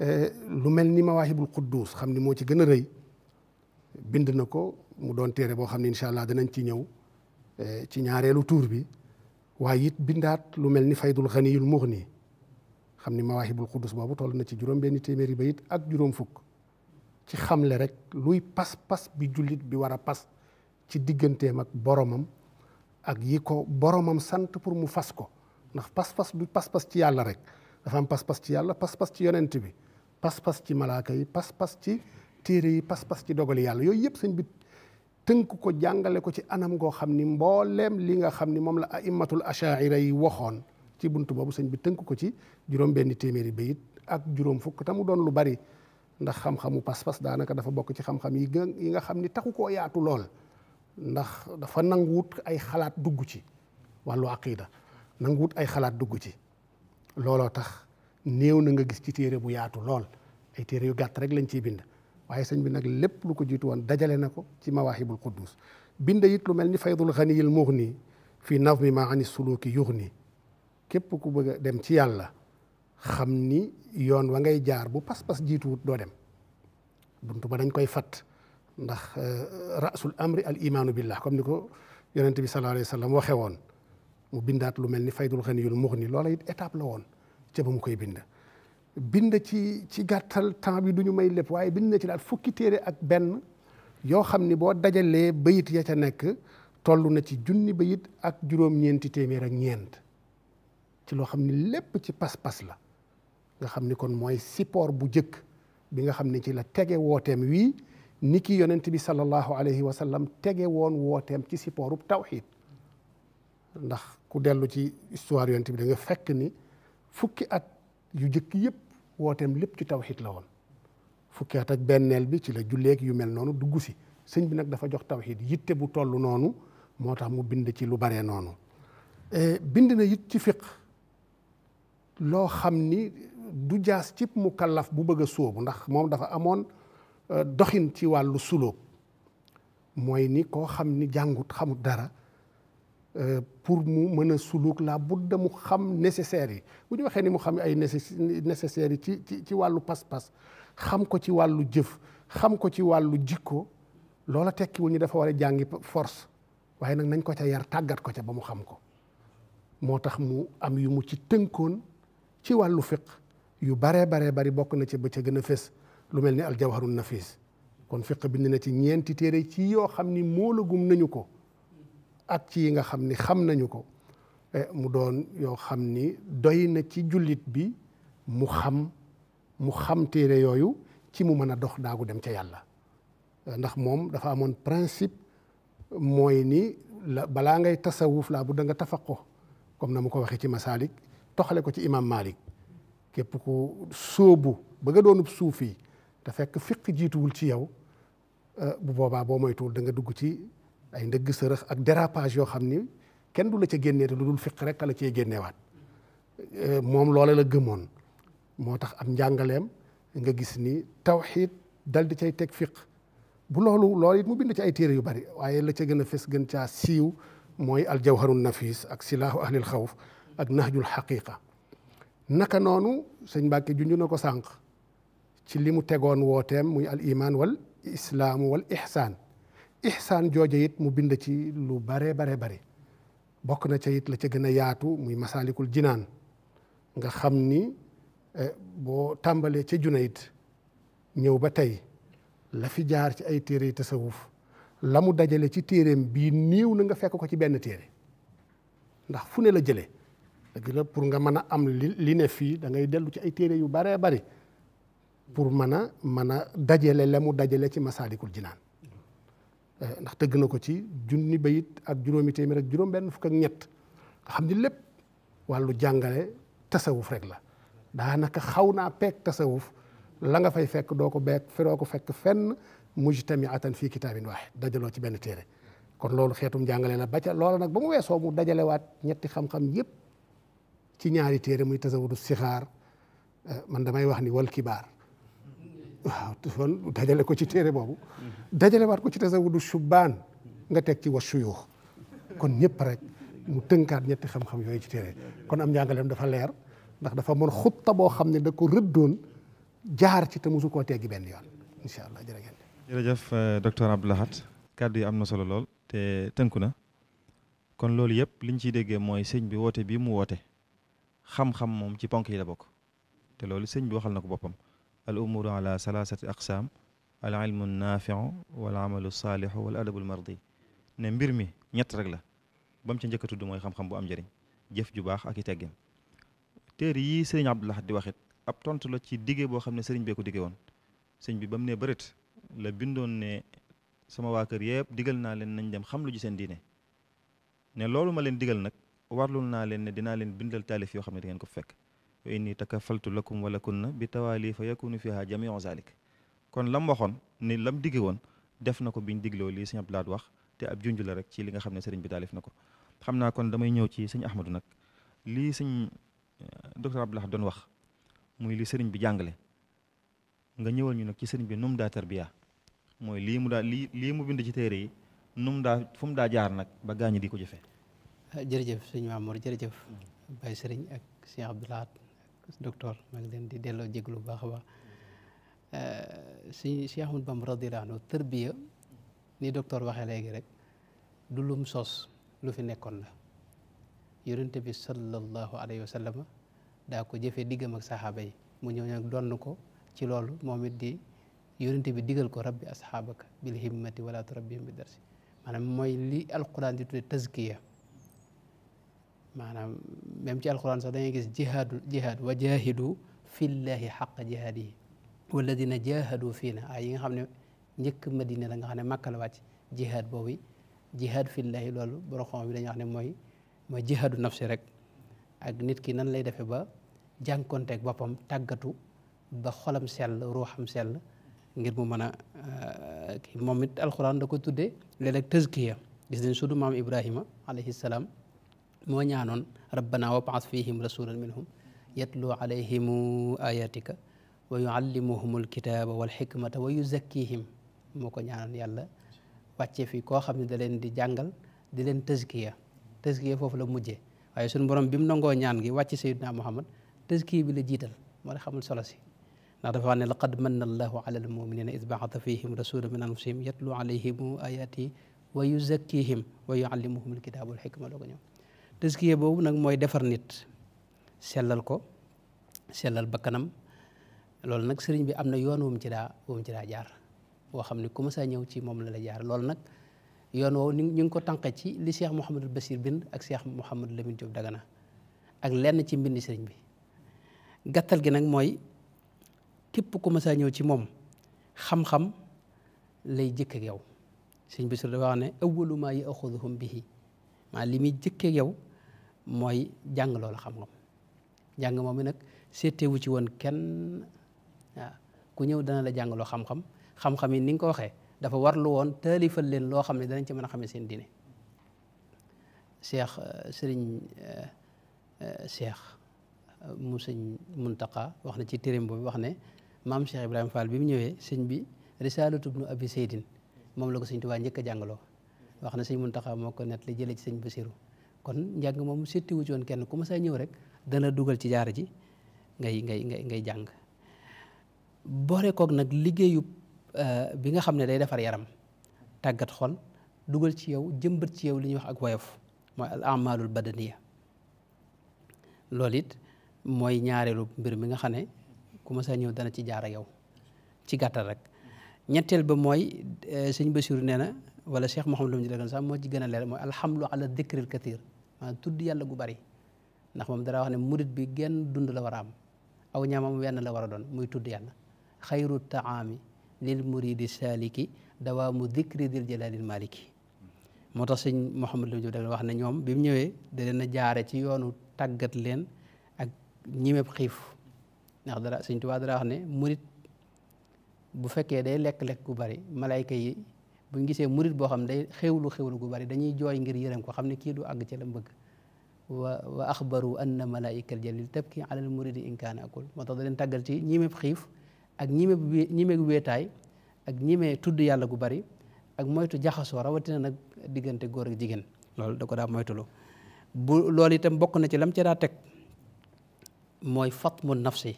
euh, lu mel ni mawaahibul quddus xam ni moo ci gën a bind na ko mu doon téere boo xam ne incha allah danañ ci ñëw eh, ci ñaareelu tuur bi waaye it bindaat lu mel ni faydul xaniyul muxni xam ni mawaahibul quddus boobu toll na ci juróom benn téeméeri bayit ak juróom fukk ci xamle rek luy pas-pas bi jullit bi war a pas ci digganteem ak boromam ak yi ko boromam sant pour mu fas ko ndax pas-pas du pas-pas ci yàlla rek dafa am pas-pas ci yàlla pas-pas ci yonent bi pas-pas ci malaaka yi pas-pas ci téere yi pas-pas ci dogali yàlla yooyu yëpp sëñ bi tënk ko jàngale ko ci anam goo xam ni mbooleem li nga xam ni moom la aimmatul achaira yi waxoon ci buntu boobu sëñ bi tënk ko ci juróom benn téeméeri bayit ak juróom fukk te mu doon lu bari ndax xam-xamu pas-pas daanaka dafa bokk ci xam-xam yi gën yi nga xam ni taxu koo yaatu lool ndax dafa nanguwut ay xalaat dugg ci wàllu aqida nanguwut ay xalaat dugg ci looloo tax néew na nga gis ci téere bu yaatu lool ay yu gàtt rek lañ ciy bind waye sëñ bi nak lépp lu ko jitu won dajale nako ci mawahibul qudus bind yit lu melni ni faydul xaniyil mughni fi nazmi ma ani suluki yughni kep ku beug dem ci yàlla xamni ni yoon wa ngay jaar bu pass pass jitu wut do dem buntu ba dañ koy fat ndax rasul amri al iman billah comme niko ko bi sallallahu alayhi wasallam sallam waxe woon mu bindat lu melni ni faydul xaniyul mughni lolay étape la won ci ba koy bind bind ci ci gàttal temps bi du ñu may lépp waaye bind na ci daal fukki téere ak benn yoo xam ni boo dajalee bayit ya ca nekk toll na ci junni bayit ak juróom-ñeenti téeméer ak ñeent ci loo xam ni lépp ci pas-pas la nga xam ni kon mooy support bu jëkk bi nga xam ni ci la tege wooteem wii nit ki yonent bi sallallahu alayhi wa sallam tege woon wooteem ci supportub tawxid ndax ku dellu ci histoire yonent bi da fekk ni fukki at yu jëkk yëpp wooteem lépp ci tawxiit la woon fukki at benneel bi ci la julleeg yu mel noonu dugg si sëñ bi nag dafa jox tawxiit yitte bu toll noonu moo tax mu bind ci lu baree noonu e, bind na yit ci fiq loo xam ni du jaas cib mu kallaf bu bëgg soobu ndax moom dafa amoon e, doxin ci wàllu sulóog mooy ni koo xam ni jàngut xamut dara Euh, pour mu mën a suluk la budda mu xam nécessaire yi bu ñu waxee ni mu xam ay nécessaire yi ci ci wàllu pas-pas xam ko ci wàllu jëf xam ko ci wàllu jikko loola tekkiwul ñu dafa war a jàngi force waaye nag nañ ko ca yar tàggat ko ca ba mu xam ko moo tax mu am yu mu ci tënkoon ci wàllu fiq yu baree baree bari bokk na ci ba ca gën a fës lu mel ni aljawharun nafis kon fiq bind na ci ñeenti téere ci yoo xam ni móolagum nañu ko ak ci yi nga xam ni xam nañu ko eh, mu doon yoo xam ni doy na ci jullit bi mu xam mu xam téere yooyu ci mu mën a dox daagu dem ca yàlla eh, ndax moom dafa amoon principe mooy ni la balaa ngay tasawuf laa bu da nga ko comme na mu ko waxee ci masaalik toxale ko ci imam malik képp ku sóobu ba nga doonub suufi te fekk fiq jiituwul ci yow eh, bu boobaa boo moytuwul da dugg ci ay ndëgg sërëx ak dérapage yoo xam ni kenn du la ca génnee te lu dul fiq rek la cee génneewaat moom loole la gëmoon moo tax am njàngaleem nga gis ni tawxiid dal di cay teg fiq bu loolu loolu it mu bind ci ay téere yu bari waaye la ca gën a fes gën caa siiw mooy aljawharun nafis ak silaahu ahlil xawf ak nahjul xaqiqa naka noonu sëñ Mbàkke junj na ko sànq ci li mu tegoon wooteem muy al iman wal islaam wal ixsaan ihsaan jooja it mu bind ci lu bare bare bari bokk na ca it la ca gën a yaatu muy masaalikul jinaan nga xam ni eh, boo tàmbalee ca Junayd ñëw ba tey la fi jaar ci ay téere yi tasawuf la mu dajale ci téereem bii néew na nga fekk ko ci benn téere ndax fu ne la jëlee dëgg la pour nga mën a am li li ne fii da ngay dellu ci ay téere yu baree bari pour mën a mën a dajale la mu dajale ci masaalikul jinaan Eh, ndax tëgg na ko ci junni bayit ak juróomi téeméer ak juróom-benn fukk ak ñett nga xam ni lépp wàllu jàngale tasawuf rek la daanaka xaw naa peeg tasawuf la nga fay fekk doo ko beeg fi doo ko fekk fenn mujtamiatan fii kitaabin waahid dajaloo ci benn téere kon loolu xeetum jàngale la ba ca loola nag ba mu weesoo mu dajalewaat ñetti xam-xam yépp ci ñaari téere muy tasawudu sixaar eh, man damay wax ni wal kibaar waaw kon dajale ko ci téere boobu dajale waat ko ci tasawudu shubaan nga teg ci wa suyuux kon ñëpp rek mu tënkaat ñetti xam-xam yooyu ci téere kon am njàngaleem dafa leer ndax dafa mën xutta boo xam ne da ko rëddoon jaar ci te mosu koo teggi benn yoon incha allah jërë ngeen jërëjëf euh, docteur Abdou Lahat kàddu yi am na solo lool te tënku na kon loolu yëpp liñ ciy déggee mooy sëñ bi woote bii mu woote xam-xam moom ci ponk yi la bokk te loolu sëñ bi waxal na ko boppam الأمور على ثلاثة أقسام العلم النافع والعمل الصالح والأدب المرضي نمبرمي نترك لا بمشي نجك تدو موي خم خم بو أمجرين جف جباخ أكي تاجم تيري سرين عبد الله دي واخد أبطان تلو تي ديجي بو خم نسرين بيكو ديجي وان سرين بي بمني بريت لبندون ني سما واكر يب ديجل نالين ننجم خم لجي سن ديني ne loolu ma leen digal nag warlul naa leen ne dinaa leen bindal taalif واني تكفلت لكم ولكن بتوالي فيكون فيها جميع ذلك كون لام واخون ني لام ديغي وون ديف نكو بين ديغلو لي سيغ بلاد واخ تي اب جونجو لا رك سي ليغا خامني سيرن بي داليف نكو خامنا كون داماي نييو سي سيغ احمد نك لي سيغ آه، دكتور عبد الله دون واخ موي لي سيرن بي جانغلي nga ñëwal ñu nag ci sëriñ bi num daa tarbiya mooy lii mu daa lii mu bind ci téere num daa fu mu daa jaar nag ba gaañu di ko jëfee jërëjëf sëriñ Mamour jërëjëf Baye Serigne ak Cheikh Abdoulaye docteur maa ngi leen di delloo jéglu bu baax a baax euh, si Cheikh Ahmadou Bamba radiyallaahu anhu ni docteur waxee léegi rek du lum sos lu fi nekkoon la yonente bi sallallahu alayhi wa sallam daa ko jëfee diggam ak saxaaba yi mu ñëw nag donn ko ci loolu moom it di yonente bi digal ko rabbi asxaabaka bil himmati wala turabbihim bi darsi maanaam mooy li alquran di tudde tazkiya معنى ممتع القرآن صدقني جهاد جهاد وجاهدوا في الله حق جهاده والذين جاهدوا فينا أيين خامن نك مدينة لعنة خامن مكة لواج جهاد بوي جهاد في الله لولو بروخام بدنا خامن موي ما جهاد نفس رك أجنيت كنا لا يدفع با جان كونتك بابام تغطو بخلم سل روحم سل غير ممانا كي ممت القرآن دكتور ده لذلك تزكية بس دين سودو مام إبراهيم عليه السلام moo ñaanoon rabbana wab'ath fihim rasulan minhum yatlu alayhim ayatika wa yuallimuhum alkitaba walxikmata wa yuzakkihim moo ko ñaanoon yàlla wàccee fi koo xam ne da leen di jàngal di leen tëskiya tëskiya foofu la mujjee waaye suñu borom bi mu nangoo ñaan gi wàcc sayyidina muhammad tëskiya bi la jiital moo la xamul solo si ndax dafa wax ne laqad manna allahu ala almuminina id baata fihim rasula min anfusihim yatlu alayhim ayati wa yuzakkihim wa yuallimuhum alkitaba walxikma loo ko ñëw taskiya boobu nag mooy defar nit sellal ko sellal bakkanam loolu nag sëriñ bi am na yoon wum ci daa wum jaar boo xam ne ku mësa ñëw ci moom la la jaar loolu nag yoon woowu ñu ngi ko tànqe ci li seex Mouhamadul Basir bind ak seex Mouhamadul Lamine Diop Dagana ak lenn ci mbind sëriñ bi gàttal gi nag mooy képp ku mësa ñëw ci moom xam-xam lay jëkk ak yow sëriñ bi su dafa wax ne awwalu maa yaxuduhum bihi maa li muy jëkk yow mooy jàng loolu xam-xam jàng moom mi nag seetewu ci woon kenn waaw ku ñëw dana la jàngaloo xam-xam xam-xam yi ni nga ko waxee dafa warlu woon taalifal leen loo xam ne danañ ci mën a xamee seen dine cheikh euh, sëriñ euh, euh, cheikh mu sëñ Muntaqa wax na ci téeréem boobu wax ne maam Cheikh Ibrahima Fall bi mu ñëwee sëñ bi risaalatu ibnu abi seydin moom la ko sëñ Tuubaa njëkk jàngaloo wax na sëñ Muntaqa moo ko net li jëlee ci sëñ seru kon njàng moom surtout wu ci woon kenn ku ma saa ñëw rek dana dugal ci jaara ji ngay ngay ngay ngay jàng boore koog nag liggéeyub euh, bi nga xam ne day defar yaram tàggat xol dugal ci yow jëmbët ci yow li ñuy wax ak woyof mooy al amalul badaniya loolu it mooy ñaareelu mbir mi nga xam ne ku ma saa ñëw dana ci jaar ak yow ci gàttal rek ñetteel ba mooy euh, sëñ Basiru nee na wala Cheikh Mouhamadou Lamine Diakhou sax moo ci gën a leer mooy alhamdu ala dikril kathir ma tudd yàlla gu bari ndax moom dara wax ne murit bi genn dund la war a am aw ñaamam wenn la war a doon muy tudd yàlla xayru taami lil muridi saliki dawaamu dikri dil jalalil maliki moo ta sëñ Mouhamed Lamine Diop da wax ne ñoom bi mu ñëwee da leen a jaare ci yoonu tàggat leen ak ñimeb xiif ndax dara sëñ Tuubaa dara wax ne murit bu fekkee day lekk-lekk gu bari malayka buñ gisee murit boo xam ne day xewlu xewlu gu bari dañuy jooy ngir yërëm ko xam ne kii du àgg ci la mbëgg wa wa axbaru anna na aljalil tabki ala al muridi in kaana akul moo tax da leen tàggal ci ñimeeb xiif ak ñimeeb ñimeeg weetaay ak ñimee tudd yàlla gu bari ak moytu jaxasoo rawatina nag diggante góor ak jigéen loolu da ko daa moytulu bu loolu itam bokk na ci lam ci daa teg mooy fatmu nafsi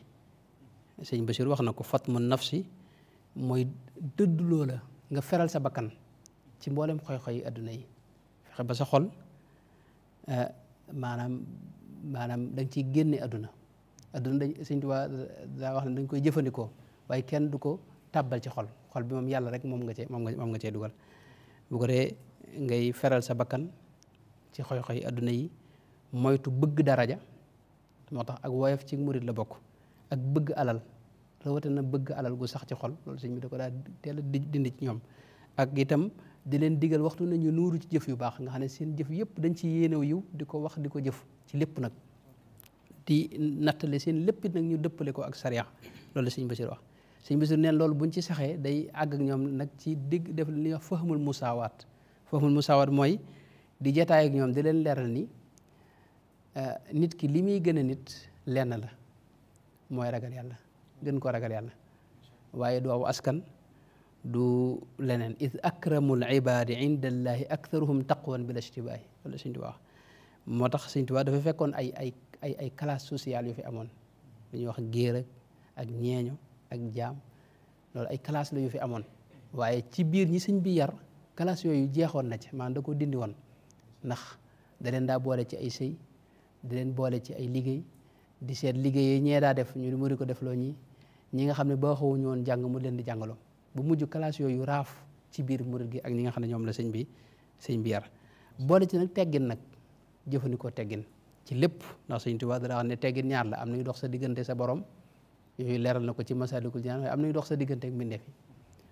sëñ Bachir wax na ko fatmu nafsi mooy dëddloo la nga feral sa bakkan ci mboolem xoy-xoy yi yi fexe ba sa xol eh, maanaam maanaam da nga ciy génne adduna adduna dañ Sëñ Tuubaa daa wax ne dañ koy jëfandikoo waaye kenn du ko tàbbal ci xol xol bi moom yàlla rek moom nga cee moom nga moom nga cee dugal bu ko dee ngay feral sa bakkan ci xoy-xoy adduna yi moytu bëgg daraja moo tax ak woyof ci murit la bokk ak bëgg alal na bëgg alal gu sax ci xol loolu sëñ bi da ko daa teel a dindi ci ñoom ak itam di leen digal waxtu nañu nuuru ci jëf yu baax nga xam ne seen jëf yëpp dañ ci yéenew yiw di ko wax di ko jëf ci lépp nag di nattale seen lépp nag ñu dëppale ko ak sharia loolu sëñ Basiir wax sëñ Basiir neen loolu buñ ci saxee day àgg ak ñoom nag ci digg def li fahmul musawat fahmul musawat mooy di jataay ak ñoom di leen leeral ni eh, nit ki li muy gën nit lenn la mooy ragal yàlla gën koo ragal yàlla waaye du aw askan du leneen id akramul ibaadi inda allaahi aktharuhum taqwan bila shtibaahi wala Sëñ Tuubaa moo tax Sëñ Tuubaa dafa fekkoon ay ay ay ay classe sociale yu fi amoon lu ñuy wax géer ak ñeeño ak jaam loolu ay classe la yu fi amoon waaye ci biir ñi sëñ bi yar classe yooyu jeexoon na ci maanaam da koo dindi woon ndax da leen daa boole ci ay sëy da leen boole ci ay liggéey di seet liggéeyee ñee daa def ñu mu di ko defloo ñi ñi nga xam ne ba xawuñu woon jàng mu leen di jàngaloo bu mujj classe yooyu raaf ci biir murid gi ak ñi nga xam ne ñoom la sëñ bi sëñ bi yar boole ci nag teggin nag jëfandikoo teggin ci lépp ndax ti Tuubaa dara xam ne teggin ñaar la am nañu dox sa diggante sa borom yooyu leeral na ko ci Masaalikul Jinaan waaye am nañu dox sa diggante ak mbindeef yi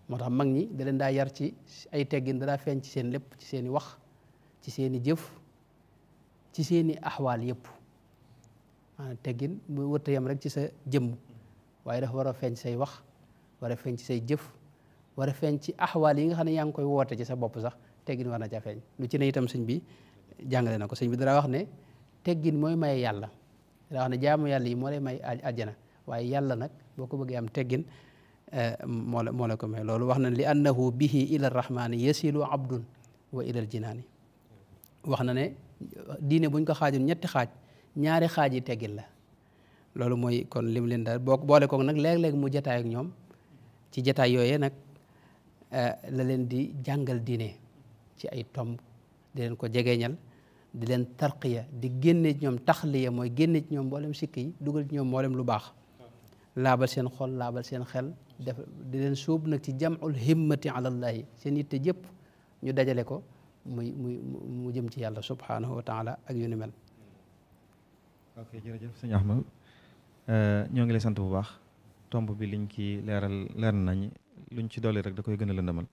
moo tax mag ñi da leen daa yar ci ay teggin da feeñ ci seen lépp ci seen wax ci seen i jëf ci seen i yëpp maanaam teggin mu wërta yam rek ci sa jëmm waaye dafa war a feeñ say wax war a feeñ ci say jëf war a feeñ ci axwaal yi nga xam ne yaa ngi koy woote ci sa bopp sax teggin war na ca lu ci ne itam sëñ bi jàngale na ko sëñ bi dara wax ne teggin mooy maye yàlla dara wax ne yàlla yi moo lay may àjjana waaye yàlla nag boo ko bëggee am teggin eh, moo la moo la ko may loolu wax na li an annahu bihi ila rahmaani yasilu abdun wa ilal jinaani wax na ne diine buñ ko xaajoon ñetti xaaj ñaari xaaj yi teggil la loolu mooy kon lim leen daal boo boole kook nag léeg-léeg mu jataay ak ñoom ci jataay yooye nag eh, la leen di jàngal dine ci ay tomb di leen ko jegeeñal di leen tarqiya di génne ci ñoom taxliya mooy génne ci ñoom mboolem sikk yi dugal ci ñoom mboolem lu baax laabal seen xol laabal seen xel def di leen suub nag ci jamul himmati alallahi seen yitte jëpp ñu dajale ko muy muy mu jëm ci yàlla subhanahu wa taala ak yu ni ok jërëjëf sëñ Ahmad euh, ñoo ngi lay sant bu baax tomb bi liñ ki leeral leer nañ luñ ci dolli rek da koy gën a lëndëmal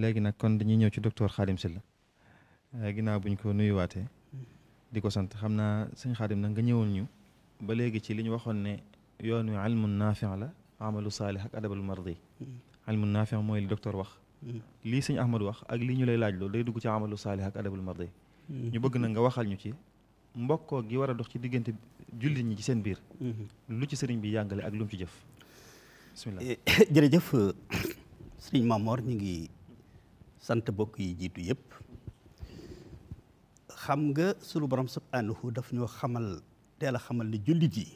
léegi nag kon dañuy ñëw ci docteur Khadim Sylla euh, ginnaaw buñ ko nuyuwaatee di ko sant xam naa sëñ Khadim nag nga ñëwoon ñu ba léegi ci li ñu waxoon ne yoon wi almun naafi la amalu saalih ak adabul mardi almun naafi mooy li wax lii sëñ Ahmad wax ak lii ñu lay laaj loolu day dugg ci amalu saalih ak adabul mardi hmm. ñu bëgg na nga waxal ñu ci mbokkoo gi war a dox ci diggante jullit ñi ci seen biir. Mm-hmm. lu ci sëriñ bi jàngale ak lu mu ci jëf. bisimilah eh, jërëjëf euh, sëriñ Mamor ñu ngi sant bokk yi jiitu yëpp. xam nga sunu borom subhanahu daf ñu xamal teel a xamal ni jullit yi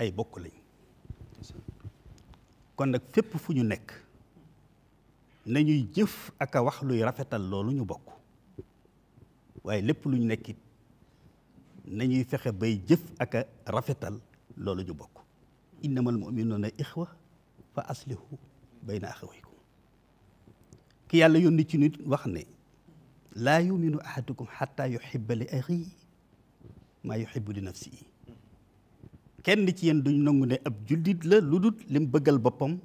ay bokk lañ. kon nag fépp fu ñu nekk nañuy jëf ak a wax luy rafetal loolu ñu bokk. waaye lépp lu ñu nekkit nañuy fexe bay jëf ak a rafetal loolu ñu bokk innamal muminuuna ixwa fa aslihu bayna axawaykum ki yàlla yónni ci nit wax ne laa yuminu ahadukum xatta yuxiba li axii maa yuxibu li nafsihi kenn ci yéen duñ nangu ne ab jullit la lu dut lim bëggal boppam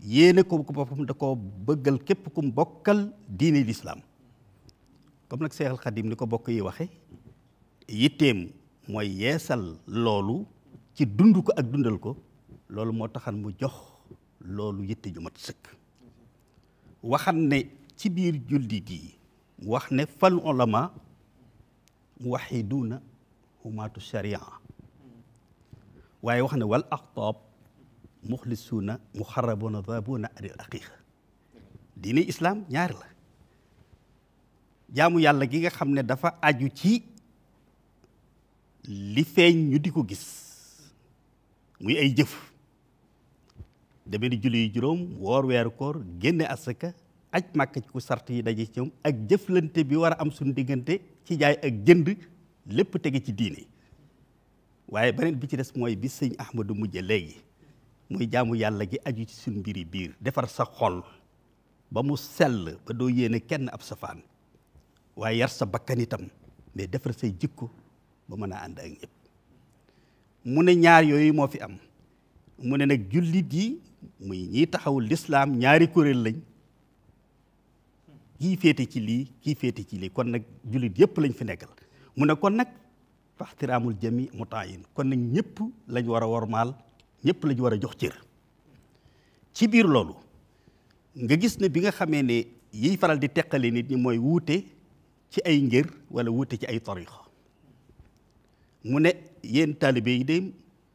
yéene ko ko boppam da koo bëggal képp kum bokkal diine lislaam comme nak cheikh al khadim niko bokk yi waxe yittem moy yeesal loolu ci dund ko ak dundal ko loolu mo taxan mu jox loolu yitte ju mat seuk waxan ne ci bir jullit gi wax ne fal ulama muwaxiduuna humaatu sharia waye wax ne wal aqtab mukhlisuna muxarabuuna dhabuna ar aqiqa dini islam ñaar la jaamu yàlla gi nga xam ne dafa aju ci li feeñ ñu di ko gis muy ay jëf deme ni julli yu juróom woor weeru koor génne asaka aj màkk ci ku sart yi daje ci moom ak jëflante bi war a am sunu diggante ci jaay ak jënd lépp tege ci diine waaye beneen bi ci des mooy bi sëñ Ahmadu mujje léegi muy jaamu yàlla gi aju ci suñu mbiri biir defar sa xol ba mu sell ba doo yéene kenn ab safaan waaye yar sa bakkanitam itam mais defar say jikko ba mën a ànd ak ñëpp mu ne ñaar yooyu moo fi am mu ne nag jullit yi muy ñii taxawul lislaam ñaari kuréel lañ kii féete ci lii kii féete ci lii kon nag jullit yëpp lañ fi nekkal mu ne kon nag faxtiraamul jami mutaayin kon nag ñëpp lañ war a wormaal ñëpp lañ war a jox cër ci biir loolu nga gis ne bi nga xamee ne yiy faral di teqale nit ñi mooy wuute ci ay ngir wala wuute ci ay tariqa mu ne yéen taalibe yi de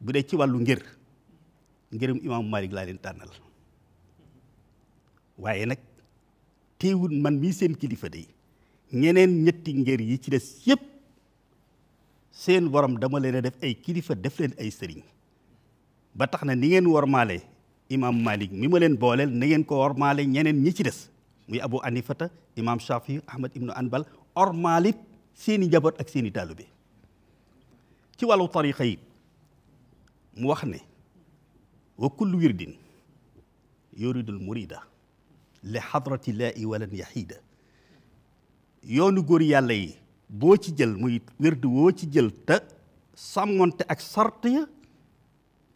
bu dee ci wàllu ngir ngirum imaamu Malik laa leen tànnal waaye nag teewul man mii seen kilifa de ñeneen ñetti ngir yi ci des yépp seen borom dama leen a def ay kilifa def leen ay sëriñ ba tax na ni ngeen wormaale imaam Malik mi ma leen booleel na ngeen ko wormaale ñeneen ñi ci des muy Abu Anifata imaam Shafi Ahmad ibnu Anbal أرماليت سيني جبر أك سيني تالوبي تي والو طريقي موخني وكل ورد يريد المريد لحضرة الله ولن يحيد يونو غوري يالي بوچي جل موي ورد ووچي جل تا سامون تا أك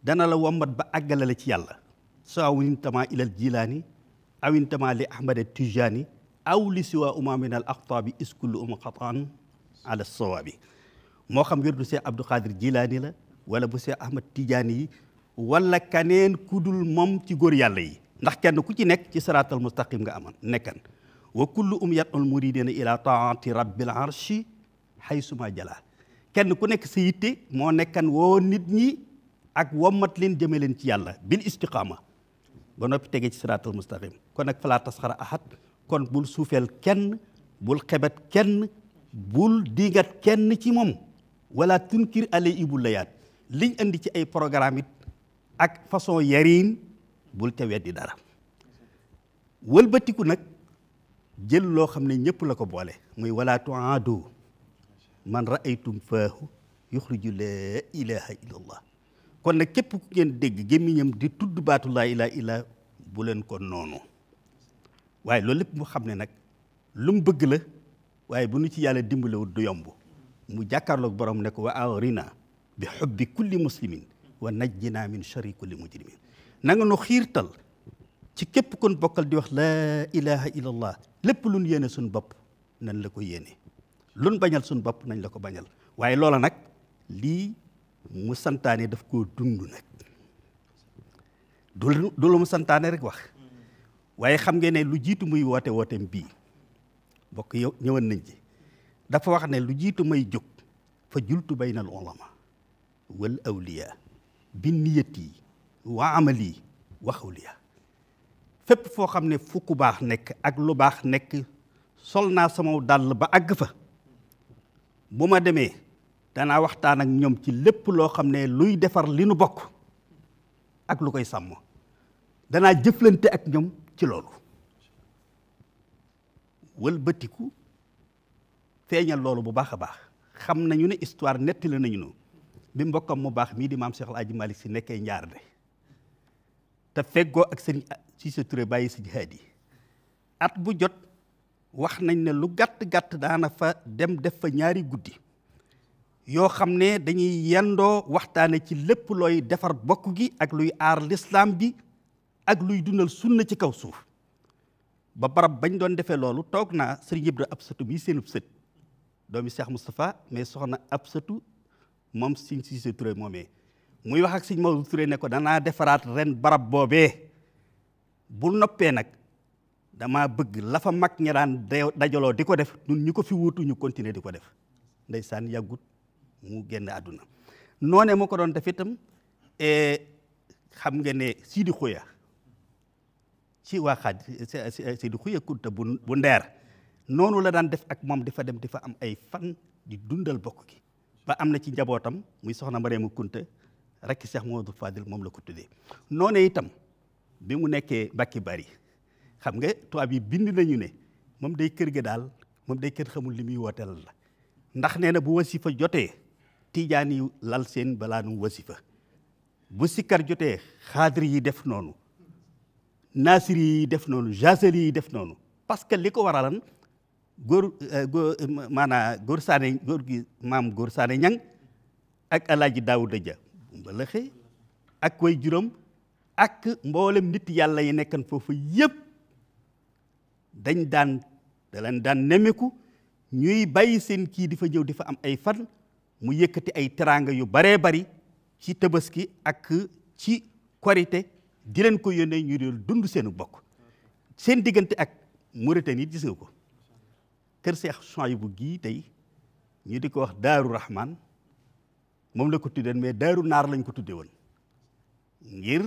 دانا لو أمد با أغلالي تيالا وينتما إلى الجيلاني أو وينتما لأحمد التجاني aw li siwa uma min al aqtaabi iskullu uma qataan ala sawaabi moo xam wirdu Seex Abdou Xaadir Jilaani la wala bu Seex Ahmad Tijaani yi wala kaneen kudul moom ci góor yàlla yi ndax kenn ku ci nekk ci siraatal mustaqim nga amoon nekkan wa kullu um yadul muridina ila taati rabbil arshi xaysuma jala kenn ku nekk sa yitte moo nekkan woo nit ñi ak wommat leen jëme leen ci yàlla bil istiqaama ba noppi tege ci siraatal mustaqim kon nag falaa tasxara kon bul suufeel kenn bul xebet kenn bul diigat kenn ci moom wala tunkir alay ibul layaat liñ indi ci ay programme ak façon yariin bul ca weddi dara wëlbatiku nag jël loo xam ne ñëpp la ko boole muy wala tuaadu man raaytum faahu yuxriju laa ilaha illa allah kon nag képp ku ngeen dégg gémmiñam di tudd baatu laa ilaha illa bu leen ko noonu waaye loolu lépp mu xam ne nag lu mu bëgg la waaye bu nu ci yàlla dimbalewut du yomb mu jàkkaarloog borom ne ko wa awrina bi xubbi kulli muslimin wa najjina min sharri kulli mujrimin na nga nu xiirtal ci képp kon bokkal di wax la ilaha illallah lépp lu nu yéene suñu bopp nañ la ko yéene lu nu bañal suñu bopp nañ la ko bañal waaye loola nag lii mu santaane daf koo dund nag du lu mu santaane rek wax waye xam ngeen ne lu jiitu muy wote wotem bii bokk yow ñëwoon nañ ci dafa wax ne lu jiitu may jóg fa jultu baynal ulama wal awliya bi niyati wa amali wa xawliya fépp foo xam ne fu ku baax nekk ak lu baax nekk sol naa sama dàll ba àgg fa bu ma demee danaa waxtaan ak ñoom ci lépp loo xam ne luy defar li nu bokk ak lu koy sàmm danaa jëflante ak ñoom ci loolu wëlbatiku feeñal loolu bu baax a baax xam nañu ne histoire nettile nañu no bi mbokkam mu baax mii di maam Cheikh El si nekkee njaar te feggoo ak sëñ Cissé Touré bàyyi si jihaad at bu jot wax nañ ne lu gàtt-gàtt daana fa dem def fa ñaari guddi yoo xam ne dañuy yendoo waxtaane ci lépp looy defar bokk gi ak luy aar l'islam bi ak luy dundal sunna ci kaw suuf ba barab bañ doon defee loolu toog naa sëriñ Ibra ab sëtu bii seenub sët doomi Cheikh Moustapha mais soxna ab sëtu moom sëñ Cissé Touré moomee muy wax ak sëñ Maodo Touré ne ko danaa defaraat ren barab boobee bu noppee nag dama bëgg lafa mag ñelaan daan dajaloo di ko def ñun ñu ko fi wuutu ñu continuer di ko def ndeysaan yàggut mu génn àdduna noonee moo ko doon def itam eh, xam nga ne Sidi Khoya ci waa xaaj Seydi Xuya Kunta bu bu ndeer noonu la daan def ak moom di fa dem di fa am ay fan di dundal bokk ki ba am na ci njabootam muy soxna Mariama Kunta rek Cheikh Mouhamadou moom la ko noone noonu itam bi mu nekkee Mbàkke Bari xam nga tubaab yi bind nañu ne moom day kër gi daal moom day kër xamul li muy wooteel la ndax nee na bu wasifa jotee tiijaan yi lal seen balaa nu wasifa bu sikkar jotee xaadir yi def noonu naasiri def noonu jaseli yi def noonu parce que li ko waralan góor euh, góor góor saane góor gi maam góor saane ñang ak alaaji daawuda ja mbalaxe ak way juróom ak mboolem nit yàlla yi nekkan foofu yëpp dañ daan da daan nemeku ñuy bàyyi seen kii di fa ñëw di fa am ay fan mu yëkkati ay teraanga yu baree bari ci tabaski ak ci korite di leen ko yónnee ñu dul dund seenu bokk seen diggante ak Mauritanie gis nga ko kër Seex bu gii tey ñu di ko wax Daaru Rahman moom la ko tuddeen mais Daaru Naar lañ ko tudde woon ngir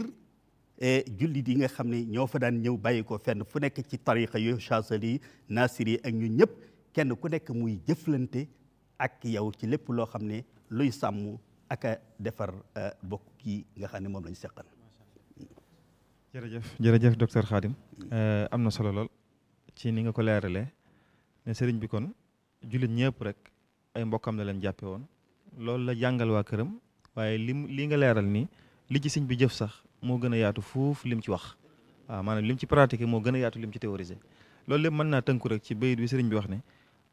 e, jullit yi nga xam ne ñoo fa daan ñëw bàyyi ko fenn fu nekk ci tariqa yu Chazali Nasiri ak ñun ñëpp kenn ku nekk muy jëflante ak yow ci lépp loo xam ne luy sàmm ak defar e, bokk kii nga xam ne moom lañu seqal jërëjëf jërëjëf docteur Khadim eh, am na solo lool ci ni nga ko leeralee ne sëriñ bi kon jullit ñëpp rek ay mbokkam la leen jàppe woon loolu la jàngal waa këram waaye lim li nga leeral nii li ci siñ bi jëf sax moo gën a yaatu fuuf lim ci wax waaw maanaam lim ci pratiqué moo gën a yaatu lim ci théorisé loolu lépp mën naa tënku rek ci bayit bi sëriñ bi wax ne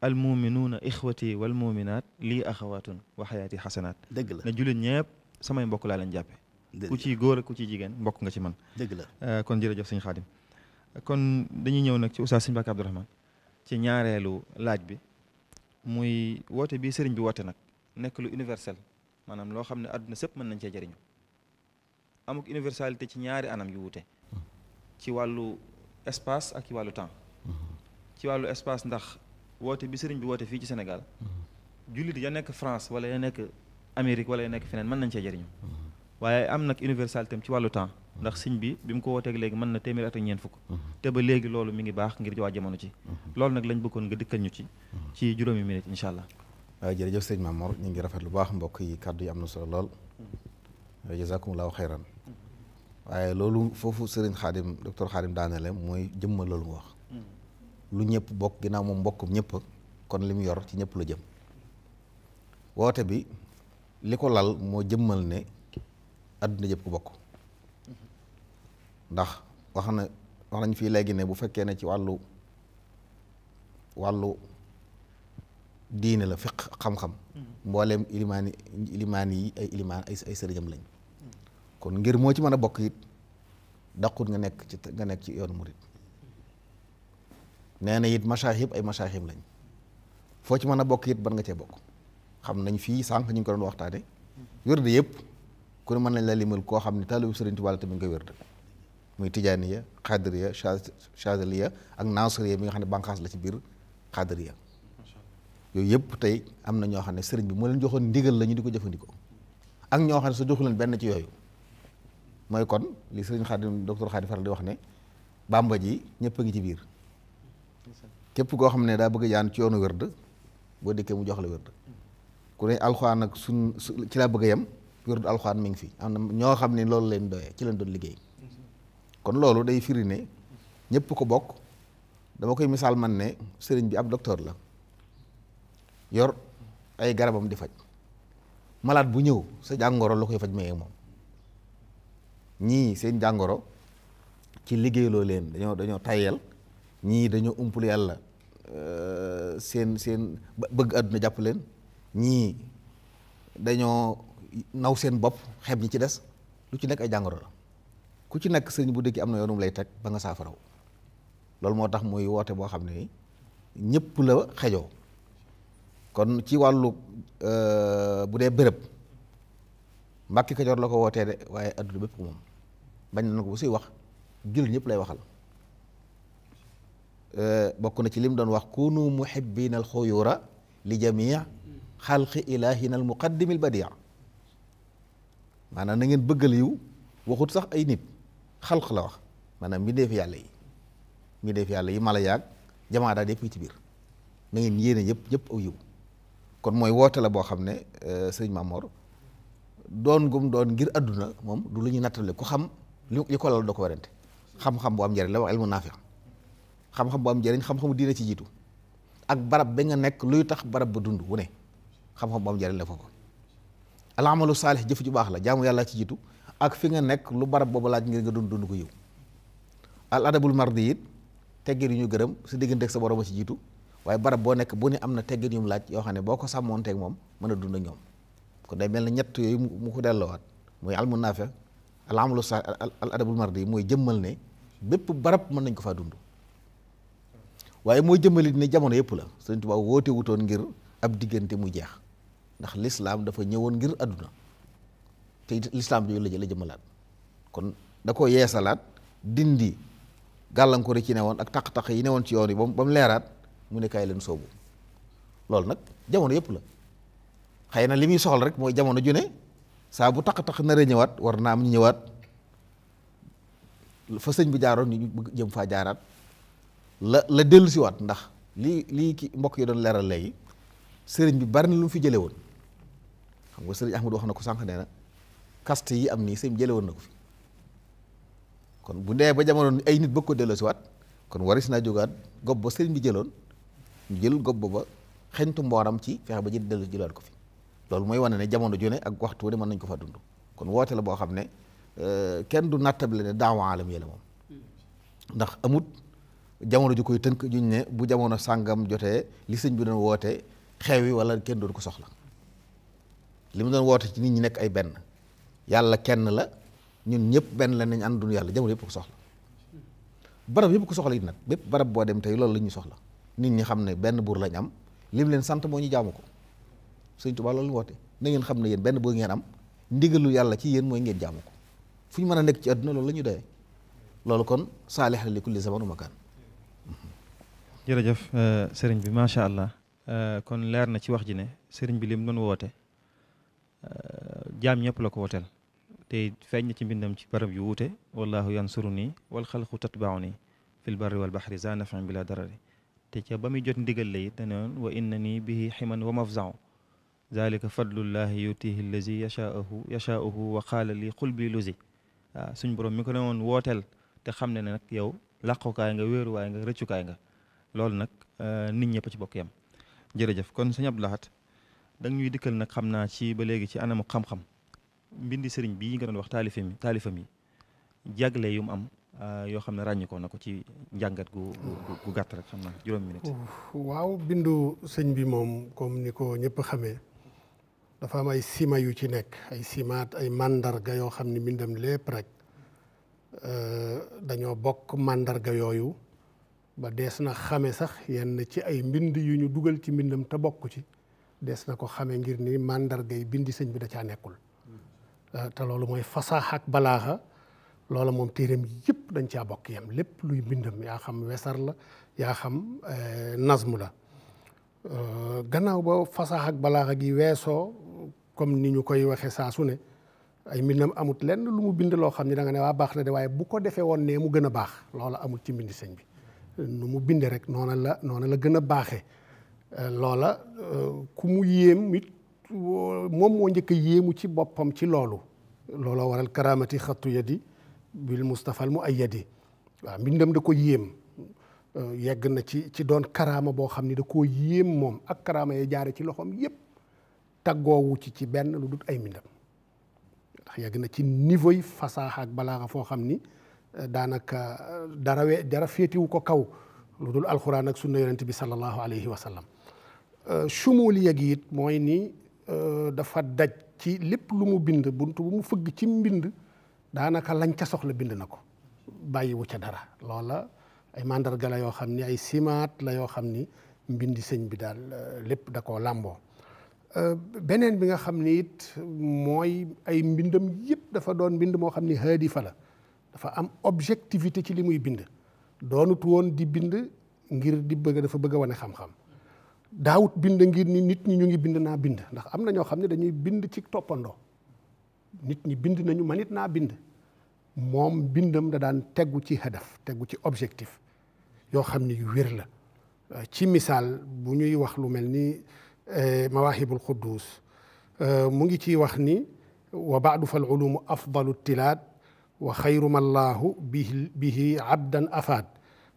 al muminuuna ixwati wal muminaat lii axawaatun wa xayaati xasanaat dëgg la ne jullit ñëpp samay mbokk laa leen jàppe ku ci góor ak ku ci jigéen mbokk nga ci man dëgg la euh, kon jërëjëf sëñ Xaadim kon dañuy ñëw nag ci Oustaz Sëñ Mbacké Abdourahmane ci ñaareelu laaj bi muy woote bii sëriñ bi woote nag nekk lu universel maanaam loo xam ne àdduna sëpp mën nañ cee jëriñu amuk universalité ci ñaari anam yu wuute ci wàllu espace ak ci wàllu temps ci wàllu espace ndax woote bi sëriñ bi woote fii ci Sénégal jullit ya nekk France wala ya nekk Amérique wala ya nekk feneen mën nañ cee jëriñu waaye am nag universal tam ci walu temps ndax sëñ bi bim ko wote ak léegi man na témir at ak ñeent fukk te ba léegi lolu mi ngi bax ngir jowa jamono ci lolu nak lañ bëkkon nga dëkkal ñu ci ci juróomi minute incha allah jërëjëf sëñ Mamor ñi ngi rafet lu bax mbokk yi kàddu yi amna na solo lool allah khairan waye lolu fofu sëriñ khadim docteur khadim daanele moy jëmmal loolu mu wax lu ñëpp bok ginnaaw moom mbokkum ñëpp kon li yor ci ñëpp lu jëm wote bi liko lal mo jëmmal ne àdduna yëpp ku bokk ndax wax na wax nañ fii léegi ne bu fekkee ne ci wàllu wàllu diine la fiq xam-xam mm-hmm. mbooleem ilimaan yi ilimaan yi ay ilimaan ay sëriñam lañ mm-hmm. kon ngir moo ci mën a bokk yit daqut nga nekk ci nga nekk ci yoonu murit nee na it mashaahib ay mashaahib lañ foo ci mën a bokk yit ban nga cee bokk xam nañ fii sànq ñu ko doon waxtaane mm-hmm. wér de yëpp ku mën nañ la limal koo xam ne taalibu Sëriñ Tuubaa te mi ngi koy wérd muy tijaaniya xadriya chazaliya ak nasriya mi nga xam ne bànqaas la ci biir xadriya yooyu yëpp tey am na ñoo xam ne sëriñ bi moo leen joxoon ndigal la ñu di ko jëfandikoo ak ñoo xam ne sa joxu leen benn ci yooyu mooy kon li sëriñ Xaadim docteur Xaadim faral di wax ne bàmba ji ñëpp a ngi ci biir képp koo xam ne daa bëgg yaan ci yoonu wérd boo dikkee mu jox la wérd ku ne alxuraan ak sun ci laa bëgg a yem wérdu alxuraan mi ngi fi am na ñoo xam ne lool leen doyee ci leen doon liggéey kon loolu day firi ne ñëpp ko bokk dama koy misaal man ne sëriñ bi ab docteur la yor ay garabam di faj malaat bu ñëw sa jàngoro la koy faj mayee moom ñii seen jàngoro ci liggéeyloo leen dañoo dañoo tayel ñii dañoo umpul yàlla euh, seen seen bëgg àdduna jàpp leen ñii dañoo naw seen bopp xeeb ñi ci des lu ci nekk ay jàngoro la ku ci nekk sëriñ bu dëkki am na yoonum lay teg ba nga saafaraw loolu moo tax muy woote boo xam ne ñëpp la xejoo kon ci wàllu euh, bu dee bërëb Mbàkke Kajoor la ko wootee de waaye adduna bépp ko moom bañ na ko bu suy wax jul ñëpp lay waxal euh, bokk na ci lim doon wax kunu muhibbina al xuyura li jamii xalqi ilahina al muqaddimi al badia maanaam na ngeen bëggal yiw waxut sax ay nit xalq la wax maanaam mi def yàlla yi mi fi yàlla yi mala yàgg jamaa daal yëpp ci biir na ngeen yéene yëpp ñëpp aw yiw kon mooy woote la boo xam ne euh, sëriñ Mamor doon gum doon ngir àdduna moom du lu ñuy nattale ku xam li ko lal da ko warante xam-xam bu am njëriñ la wax ilmu naafi xam-xam bu am njëriñ xam-xamu diine ci jiitu ak barab ba nga nekk luy tax barab ba dund wu ne xam-xam bu am njëriñ la foofu al amalu salih jëf ju bax la jaamu yalla ci jitu ak fi nga nek lu barab bobu laaj ngir nga dund ko yow al adabul mardi it teggin ñu gëreem sa diggante ak sa borom ci jitu waye barab bo nek bu ni amna teggir ñum laaj yo xane boko samonté ak mom mëna dund day melni ñett yoy mu ko wat muy al munafiq al amalu salih al adabul mardi moy jëmmal ne bépp barab mën nañ ko fa dund waye moy jëmmalit ne jamono yëpp la Sëriñ ba woote wutoon ngir ab digënté mu jeex ndax l'islam dafa ñëwoon ngir aduna te l'islam jooju la jë la kon da ko yeesalat dindi galankor ci newoon ak tak tak yi newoon ci yoon yi bam mu mu ne kay leen sobu loolu nak jamono yëpp la xeyna limi li rek moy jamono ju ne sa bu tak taq naree ñëwaat war na am ñëwaat fa señ bu jaaroon ñu bëgg jëm fa jaaraat la la ci wat ndax li li ki mbokk yi doon leral léegi bi bari lu fi won xam nga sëriñ Ahmadu wax na ko sànq nee na caste yi am nii sëñ jële woon na ko fi kon bu dee ba jamono ay nit bëgg ko delloosiwaat kon waris naa jógaat gob ba sëriñ bi jëloon jël gob ba xeñtu mbooram ci feex ba jël dellu jëlaat ko fi loolu mooy wane ne jamono ju ne ak waxtu ne man nañ ko fa dund kon woote la boo xam ne euh, kenn du nattable ne daawa alam yële moom ndax amut jamono ju koy tënk juñ ne bu jamono sàngam jotee li sëñ bi doon woote xew wi wala kenn doon ko soxla li mu doon woote ci nit ñi nekk ay benn yàlla kenn la ñun ñëpp benn la nañ àndoon yàlla jamono yëpp ko yëpp ko soxla it nag bépp barab boo dem tey loolu la ñuy soxla nit ñi xam ne benn buur lañ am li mu leen sant moo ñu jaamu ko sëñ Tuubaa loolu woote na ngeen xam ne yéen benn boo ngeen am ndigalu yàlla ci yéen mooy ngeen jaamu ko fu ñu mën a nekk ci àdduna la ñu doyee loolu kon saalix la li kulli zamanu makaan jërëjëf euh, sëriñ bi macha allah euh, kon leer na ci wax ji ne sëriñ bi lim doon woote. jam ñëpp la ko woteel te feeñ na ci mbindam ci barab yu wuute wallahu yansuru nii wal xalqu tatbaaw nii fil barri wal baxri za nafin bila darari te ca ba muy jot ndigal la it wa inna bihi ximan wa mafzau zalika fadlullahi yutihi lazi yachaahu yachaahu wa qaala li xulbi luzi waaw suñ borom mi ko ne woon wooteel te xam ne nag yow làqukaay nga wéeruwaay nga nga loolu nag nit ñëpp ci bokk yam jërëjëf kon sëñ Abdou Lahat danga ñuy dikkal nag xam naa ci ba léegi ci anamu xam-xam mbindi sëriñ bii nga doon wax taalifa mi jagle yu mu am ah, yoo xam ne ràññi ko na ko ci njàngat gu gàtt rek xam naa juróomi minute. waaw bindu sëñ bi moom comme ni ko ñëpp xamee dafa am ay sima yu ci nekk ay simaat ay màndarga yoo xam ne mbindam lépp rek eh, dañoo bokk màndarga yooyu ba dees na xame sax yenn ci ay mbind yu ñu dugal ci mbindam te bokk ci. des na ko xamee ngir nii ni màndargay bindi sëñ bi da caa nekkul euh, te loolu mooy fasaax ak balaaxa loola moom téeram yëpp dañ caa bokk yam lépp luy mbindam yaa xam wesar la yaa xam euh, nazmu la euh, gannaaw ba fasaax ak balaaxa gi weesoo comme ni ñu koy waxee saasu ne ay mbindam amut lenn lu mu bind loo xam ne da ne waa baax na de waaye bu ko defee woon ne mu gën a baax loola amul ci mbindi sëñ bi nu mu bindee rek noona la noona la gën a baaxee Euh, loola euh, ku mu yéem it moom moo njëkk a yéemu ci boppam ci loolu looloo waral karaamati xattu yadi bil mustafal mu ay yadi waaw mbindam da ko yéem euh, yegg na ci ci doon karaama boo xam ni da koo yéem moom ak karaama ya jaare ci loxoom yépp taggoowu ci ci benn lu dut ay mbindam ndax yegg na ci niveau yi fasaaxa ak balaaxa foo xam ni daanaka dara we dara féetiwu ko kaw lu dul alxuraan ak sunna yonent bi sallallahu alayhi wa Euh, chumuliya gi it mooy ni euh, dafa daj ci lépp lu mu bind bunt bu mu fëgg ci mbind daanaka lañ ca soxla bind na ko bàyyiwu ca dara loola ay mandarga la yoo xam ni ay simaat la yoo xam ni mbind sëñ bi daal euh, lépp da koo làmboo beneen bi nga xam ni it mooy ay mbindam yëpp dafa doon mbind moo xam ni haadi la dafa am objectivité ci li muy bind doonut woon di bind ngir di bëgg dafa bëgg wane xam-xam daawut bind ngir ni nit ñi ñu ngi bind naa bind ndax am na ñoo xam ne dañuy bind ci toppandoo nit ñi bind nañu man it naa bind moom bindam da daan tegu ci hadaf tegu ci objectif yoo xam ni wér la ci misaal bu ñuy wax lu mel ni mawaahibul quddus mu ngi ciy wax ni wa baadu fal ulumu afdalu tilaat wa xayru ma allahu bihi bihi abdan afaad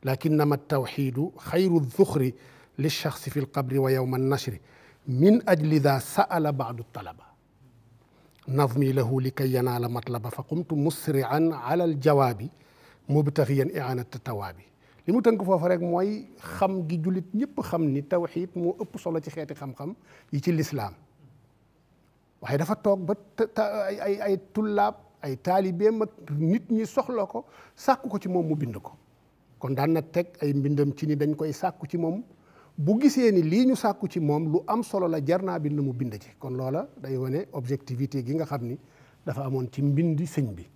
lakinnama tawxiidu xayru zuxri للشخص في القبر ويوم النشر من أجل ذا سأل بعض الطلبة نظمي له لكي ينال مطلبه فقمت مسرعا على الجواب مبتغيا إعانة التواب لمتنك فرق موي خم جي جلت نيب خم ني توحيد مو اوب خيات خم خم يتي الإسلام وحي دفا توق بت اي اي اي طلاب اي طالبين مك نيت ني ساكو كو تي موم تك اي بندم تي ني دنكو اي bu gisee ni lii ñu sàkku ci moom lu am solo la jar naa na mu bind ci kon loola day wane objectivité gi nga xam ni dafa amoon ci mbindi sëñ bi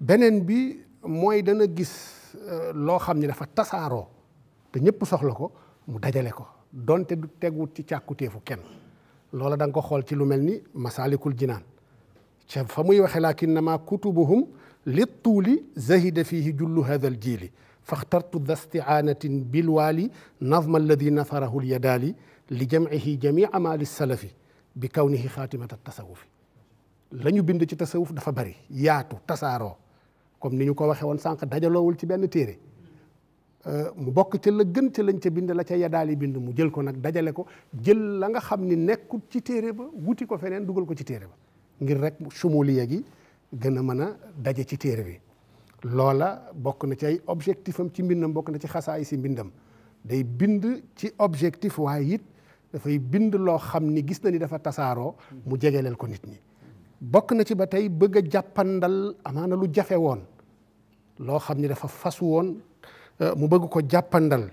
beneen bi mooy dana gis euh, loo xam ni dafa tasaaroo te ñëpp soxla ko mu dajale ko donte du tegwut ci càkkutéefu kenn loola danga ko xool ci lu mel ni masaalikul jinaan ca fa muy waxe lakinnama kutubuhum li tuuli zahida fihi jullu hadal jiili فاخترت ذا استعانة بالوالي نظم الذي نثره اليدالي لجمعه جميع ما للسلف بكونه خاتمة التصوف la ñu bind ci tasawuf dafa bari yaatu tasaaroo comme ni ñu ko waxee woon sànq dajaloowul ci benn téere mu bokk ca la gën ca lañ ca bind la ca yadaali bind mu jël ko nag dajale ko jël la nga xam ni nekkul ci téere ba wuti ko feneen dugal ko ci téere ba ngir rek sumuliya gi gën a mën a daje ci téere bi loola bokk na ci ay objectif am ci mbindam bokk na ci xasaay si mbindam day bind ci objectif waaye it dafay bind loo xam ni gis na ni dafa tasaaroo mu jegeleel ko nit ñi bokk na ci ba tey bëgg jàppandal amaana lu jafe woon loo xam ni dafa fas woon euh, mu bëgg ko jàppandal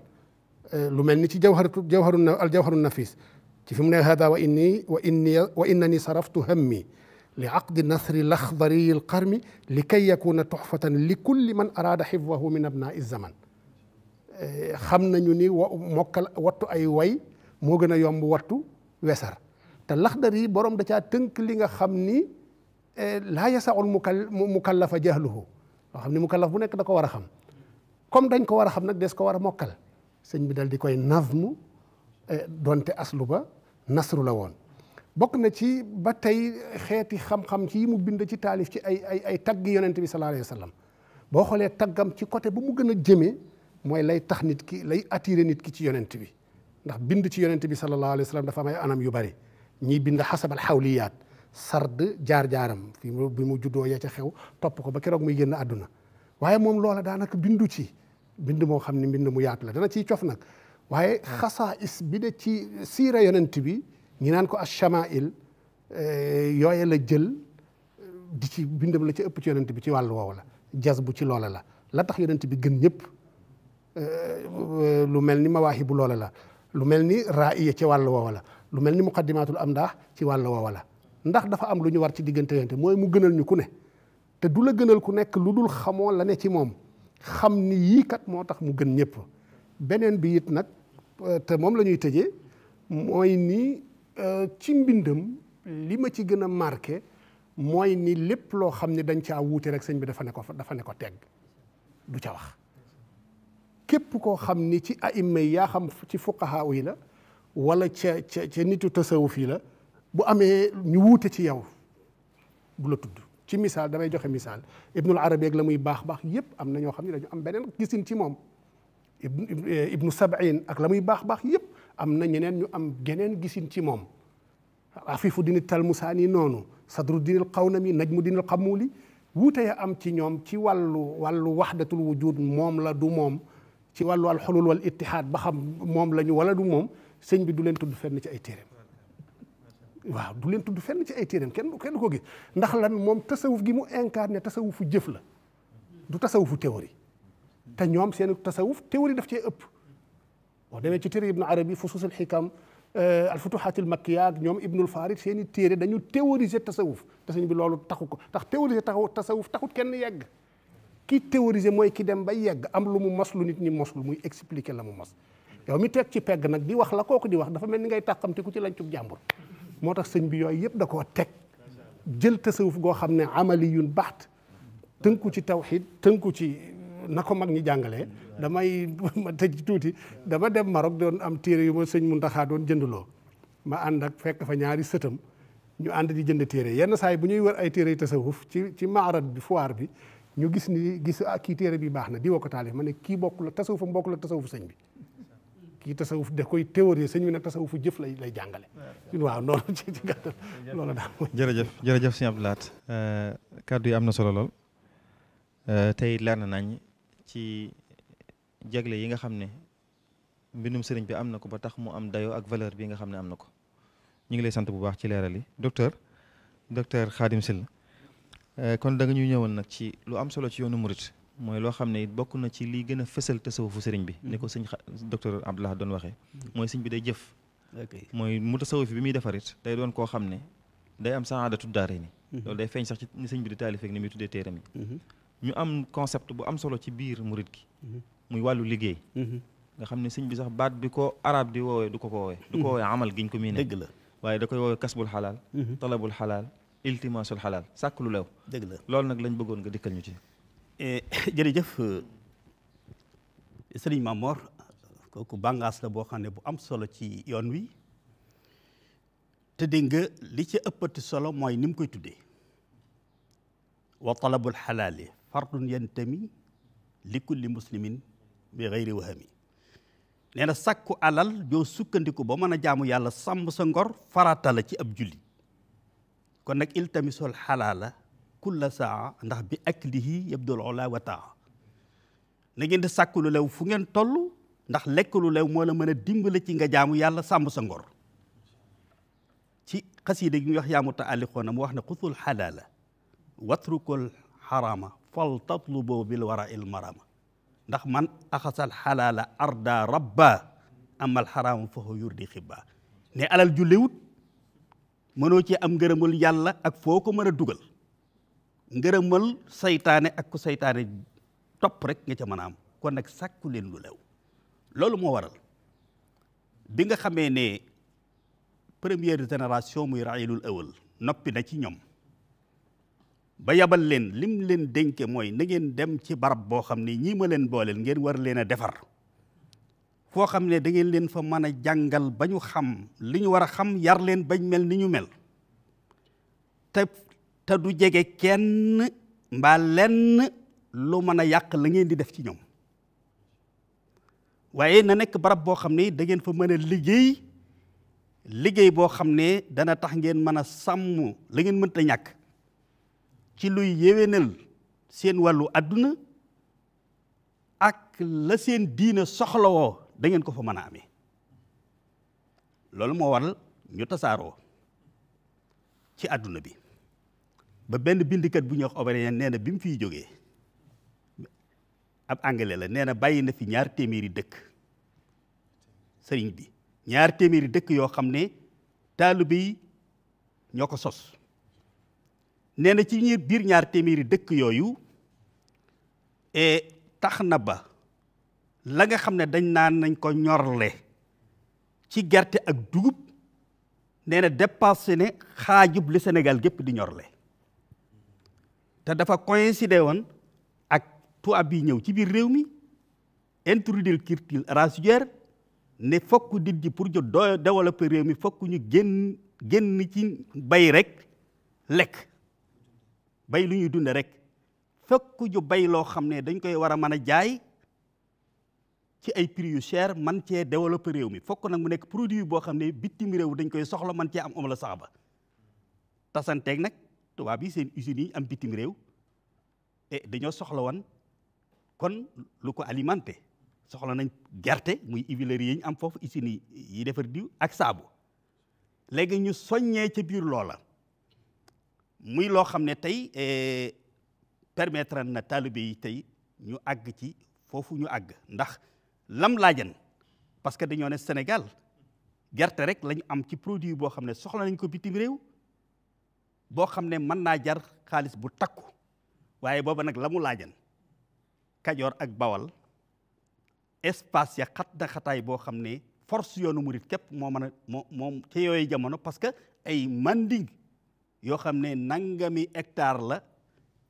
euh, lu mel ni ci jawharatu jawharu al jawharu nafis ci fi mu ne hada wa inni wa inni wa innani saraftu hammi لعقد النصر الأخضري القرمي لكي يكون تحفة لكل من أراد حفظه من أبناء الزمن xam nañu ni mokkal wattu ay way moo gën a yomb wattu wesar te laxdar yi borom da caa tënk li nga xam ni eh, laa yasaul mukallafa jahluhu loo xam ni mukallaf bu nekk da ko war a xam comme dañ ko war a xam nag des ko war a mokkal sëñ bi dal di koy nazmu eh, donte aslu ba nasru la woon bokk na ci ba tey xeeti xam-xam ci yi mu bind ci taalif ci ay ay ay tagg yonent bi sallallahu alayhi wa sallam boo xoolee taggam ci côté bu mu gën a jëmee mooy lay tax nit ki lay attiré nit ki ci yonent bi ndax bind ci yonent bi sallallahu alayhi wa sallam dafa am ay anam yu bari ñiy bind xasabal xawliyaat sard jaar-jaaram fi mu bi mu juddoo ya ca xew topp ko ba keroog muy génn àdduna waaye moom loola daanaka bindu ci bind moo xam ne mbind mu yaatu la dana ciy cof nag waaye xasaais bi de ci siira yonent bi ñi naan ko as chamail yooye la jël di ci bindam la ci ëpp ci yonent bi ci wàllu woowu la jas bu ci loola la la tax yonent bi gën ñëpp lu mel ni mawaahibu loola la lu mel ni raiya ci wàllu woowa la lu mel ni muqaddimatul amdaax ci wàllu woowa la ndax dafa am lu ñu war ci diggante yonent mooy mu gënal ñu ku ne te du la gënal ku nekk lu dul xamoo la ne ci moom xam ni yii kat moo tax mu gën ñëpp beneen bi it nag te moom la ñuy tëjee mooy nii Euh, ci mbindam li ma ci gën a marqué mooy ni lépp loo xam ne dañ caa wuute rek sëñ bi dafa ne ko dafa ne ko teg du ca wax képp koo xam ni ci aïma yi yaa xam ci fuqaha yi la wala ca ca ca nitu tasawuf yi la bu amee ñu wuute ci yow bu la tudd ci misaal damay joxe misaal ibnul arabi ak la muy baax baax yépp am na ñoo xam ne dañu am beneen gisin ci moom ibnu sab'in ak la muy baax baax yépp amna ñeneen ñu am geneen gisin ci moom afifu dini talmusaani noonu sadru dinil xawnami najmu dinil xamuuli wuute ya am ci ñoom ci wàllu wàllu waxdatul wujud moom la du moom ci wàllu al wal ittihaad ba xam moom la ñu wala du moom sëñ bi du leen tudd fenn ci ay téeréem waaw du leen tudd fenn ci ay téeréem kenn kenn ko gis ndax lan moom tasawuf gi mu incarné tasawufu jëf la du tasawufu théorie te ñoom seen tasawuf théorie daf cee ëpp ودنا تيري ابن عربي فصوص الحكم آه، الفتوحات المكية نيوم ابن الفارس سين تيري دنيو تيوريزي التصوف تسني بلولو تاخوكو تاخ تيوريزي تاخو التصوف تاخو كين ياغ كي تيوريزي موي كي دم با ياغ ام لومو مسلو نيت ني مسلو موي اكسبليكي لامو مس يو مي تك سي بيغ نك دي واخ لا كوكو دي واخ دا فا ملني غاي تاخام تي كو تي لانچوب جامبور موتاخ سين بي يوي ييب داكو تك جيل تصوف غو خامني عملي يون بحت تنكو تي توحيد تنكو تي na ko mag ñi jàngalee damay ma tëj tuti dama dem Maroc don am téré yu mo sëñ Muntaxa don jëndulo ma and ak fekk fa ñaari sëtam ñu and di jënd téré yenn saa bu ñuy wër ay téré tasawuf ci ci maarat bi foire bi ñu gis ni gis ah, ki téré bi baxna di woo talé mané ki bokku la tasawuf bokku la tasawuf sëñ bi ki tasawuf de koy théorie sëñ bi nak tasawuf jëf lay lay jàngale waaw non ci ci gàttal loolu daal jërëjëf jërëjëf sëñ abdoulat euh kàddu yi amna solo lol euh tay na nañ ci jagle yi nga xam ne mbindum sëriñ bi am na ko ba tax mu am dayo ak valeur bi nga xam ne am na ko ñu ngi lay sant bu baax ci leeral yi docteur docteur Khadim Sylla euh, kon da ñuy ñu ñëwoon nag ci lu am solo ci yoonu mu murit mooy loo xam ne it bokk na ci lii gën a fësal tasawufu sëriñ bi ni ko sëñ docteur Abdoulaye doon waxee mm-hmm. mooy sëñ bi day jëf mooy mu tasawuf bi muy defarit day doon koo xam ne day am saadatu daare ni mm-hmm. loolu day feeñ sax ci ni sëñ bi di taalifeek ni muy tuddee téeram ñu am concept bu am solo ci biir mourid gi muy walu liggéey nga xam ne sëñ bi sax baat bi ko arab di woowee du ko ko woowee du ko woowee amal giñ ko miine dëgg la waaye da koy woowee kasbul xalaal talabul xalaal iltimasul xalaal sàkk lu lew dëgg la loolu nag lañ bëggoon nga dikkal ñu ci jërëjëf sëriñ Mamor kooku bàngaas la boo xam ne bu am solo ci yoon wi te dégg nga li ci ëppati solo mooy ni mu koy tuddee wa talabul xalaali fardun yantami li kulli muslimin bi xeyri wahami nee na sakku alal joo sukkandiku boo mën a jaamu yàlla sàmm sa ngor faraatala ci ab julli kon nag iltamisol xalaala kulla saa ndax bi aklihi yabdul ola wa taa na ngeen di sàkku lu lew fu ngeen toll ndax lekk lu lew moo la mën a dimbale ci nga jaamu yàlla sàmm sa ngor ci xasiida gi ñu wax yaa mutaallixoona mu wax ne xutul xalaala watrukul xaraama fal tatlubu bil wara il marama ndax man axasal xalaala arda rabba amal xaraama fahu yurdi xibba ne alal ju lewut mënoo ci am ngërëmal yàlla ak foo ko mën a dugal ngërëmal seytaane ak ko saytaane topp rek nga ca mën a am kon nag sàkku leen lu lew loolu moo waral bi nga xamee ne première génération muy raayilul awal noppi na ci ñoom ba yabal leen lim leen dénke mooy na ngeen dem ci barab boo xam ne ñii leen booleel ngeen war leen a defar foo xam ne dangeen leen fa mën a jàngal ba ñu xam li ñu war a xam yar leen bañ mel ni ñu mel te te du jege kenn mbaa leen lu mën a yàq la ngeen di def ci ñoom waaye na nekk barab boo xam ne dangeen fa mën a liggéey liggéey boo xam ne dana tax ngeen mën a sàmm la ngeen mënta ñàkk ci luy yéwénal seen wàllu àdduna ak la seen diina soxlawoo dangeen ko fa mën a ame loolu moo waral ñu tasaaroo ci àdduna bi ba benn bindikat bu ñuy wax nee na bi mu fiy jóge ab anglais la nee na bàyyi na fi ñaar téeméeri dëkk sëriñ bi ñaar téeméeri dëkk yoo xam ne taalibe yi ñoo ko sos nee na ci biir ñaar téeméeri dëkk yooyu e tax na ba la nga xam ne dañ naan nañ ko ñorle ci gerte ak dugub nee na dépassé ne xaajub Sénégal gépp di ñorle te dafa coïncidé woon ak tubaab yi ñëw ci biir réew mi introduire culture rasière ne fokk dit ji pour ñu développer réew mi fokk ñu génn génn ci bay rek lekk bay lu ñuy dunde rek fekk ju bay loo xam ne dañ koy war a mën a jaay ci ay prix yu cher man cee développer réew mi fokk nag mu nekk produit boo xam ne bitim réew dañ koy soxla man cee am om la sax nag tubaab yi seen usines yi am bitim réew eh dañoo soxla woon kon lu ko alimenté soxla nañ gerte muy huileries yi ñu am foofu usines yi defar diw ak saabu léegi ñu soññee ca biir loola muy loo xam ne tey eh, permettre na taalibe yi tey ñu àgg ci foofu ñu àgg ndax lam laajan parce que dañoo ne Sénégal gerte rek lañu am ci produit boo xam ne soxla nañ ko bitim réew boo xam ne mën naa jar xaalis bu takku waaye booba nag la mu laajan Kajoor ak Bawal espace ya xat na xataay boo xam ne force yoonu murit képp moo mën a moo moom ca yooyu jamono parce que ay manding yoo xam ne nangami hectare la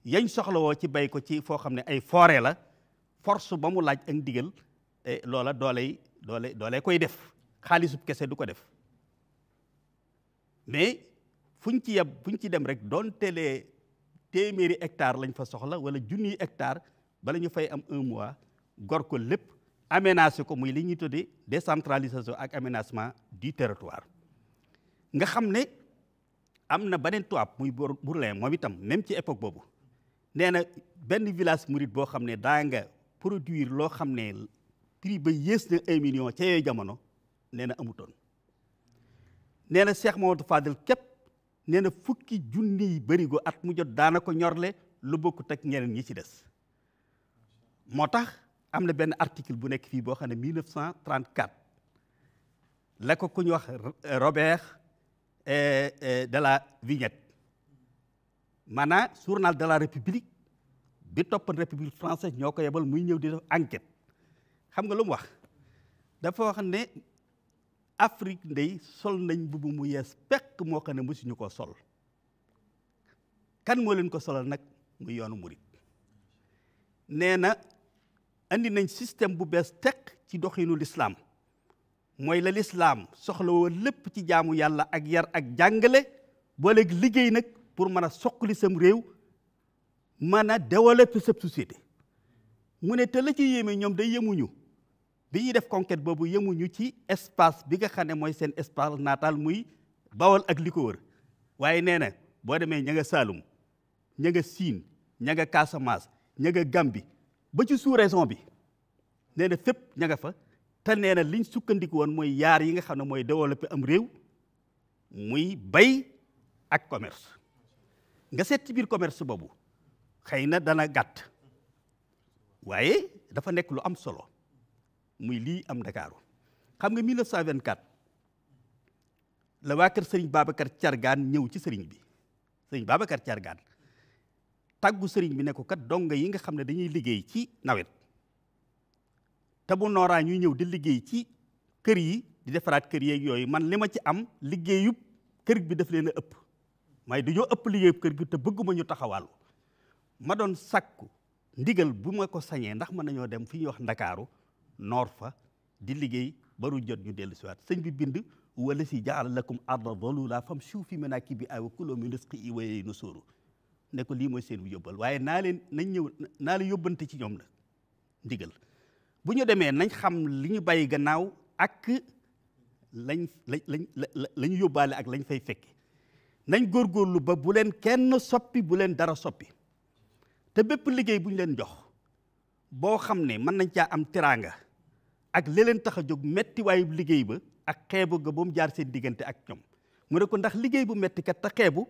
yañ soxlawoo ci bay ko ci foo xam ne ay forêt la force ba mu laaj ak ndigal eh, loola dooley doole doole koy def xaalisub kese du ko def mais fuñ ci yeb fuñ ci dem rek doon lee téeméeri hectare lañ fa soxla wala junniy hectare bala ñu fay am un mois gor ko lépp aménagé ko muy li ñuy tuddee décentralisation ak aménagement du territoire nga xam ne am na beneen tubaab muy Bourlin moom itam même ci époque boobu nee na benn village murit boo xam ne daa nga produire loo xam ne prix ba yées na un million ca yooyu jamono nee na amutoon nee na Cheikh Mamadou Fadel képp nee na fukki junni yi at mu jot daana ñorle lu bokkut ak ñeneen ñi ci des moo tax am na benn article bu nekk fii boo xam ne 1934 la ko ku ñu wax Robert eh, eh, de la vignette mana journal de la république bi top république française ñoko yebal muy ñew di def enquête xam nga lu mu wax dafa wax ne Afrique ndey sol nañ bubu mu yes pek mo xane mu mosuñu ko sol kan mo leen ko solal nak mu yoonu mourid. nee andi nañ système bu bes tek ci doxinu l'islam. mooy la lislaam soxlawoo lépp ci jaamu yàlla ak yar ak jàngale booleeg liggéey nag pour mën a soqali sam réew mën a développer sa société mu ne te la ci yéeme ñoom day yemuñu bi ñuy def conquête boobu yemuñu ci espace bi nga xam ne mooy seen espace nataal muy bawal ak li ko wër waaye nee na boo demee ña nga Saalum ña nga Siin ña nga Casamance ña nga Gambi ba ci sous-région bi nee na fépp ña nga fa te nee na liñ sukkandiku woon mooy yaar yi nga xam ne mooy développé am réew muy bay ak commerce nga seet ci biir commerce boobu xëy na dana gàtt waaye dafa nekk lu am solo muy lii am Ndakaaru xam nga 1924 la waa kër Serigne Babacar Thiargane ñëw ci Serigne bi Serigne Babacar Thiargane tàggu Serigne bi ne ko kat donga yi nga xam ne dañuy liggéey ci nawet. te bu nooraa ñuy ñëw di liggéey ci kër yi di defaraat kër yeeg yooyu man li ma ci am liggéeyub kër bi daf leen a ëpp may dañoo ëpp liggéeyub kër gi te bëgguma ñu taxawal ma doon sakku ndigal bu ma ko sañee ndax mën nañoo dem fi ñuy wax ndakaaru noor fa di liggéey baru jot ñu dellu siwaat sëñ bi bind wala si jaala lakum arda dalula fam suu fi manaaki bi awa kuloo min risqi i wayey nu sóoru ne ko lii mooy seen bu yóbbal waaye naa leen nañ ñëw naa yóbbante ci ñoom nag ndigal bu ñu demee nañ xam li ñu bàyyi gannaaw ak lañ lañ lañ yóbbaale ak lañ fay fekke nañ góor góorlu ba bu leen kenn soppi bu leen dara soppi te bépp liggéey bu ñu leen jox boo xam ne mën nañ caa am teraanga ak li leen tax a jóg metti waayu liggéey ba ak xeebu ga ba mu jaar seen diggante ak ñoom mu ne ko ndax liggéey bu metti kat te xeebu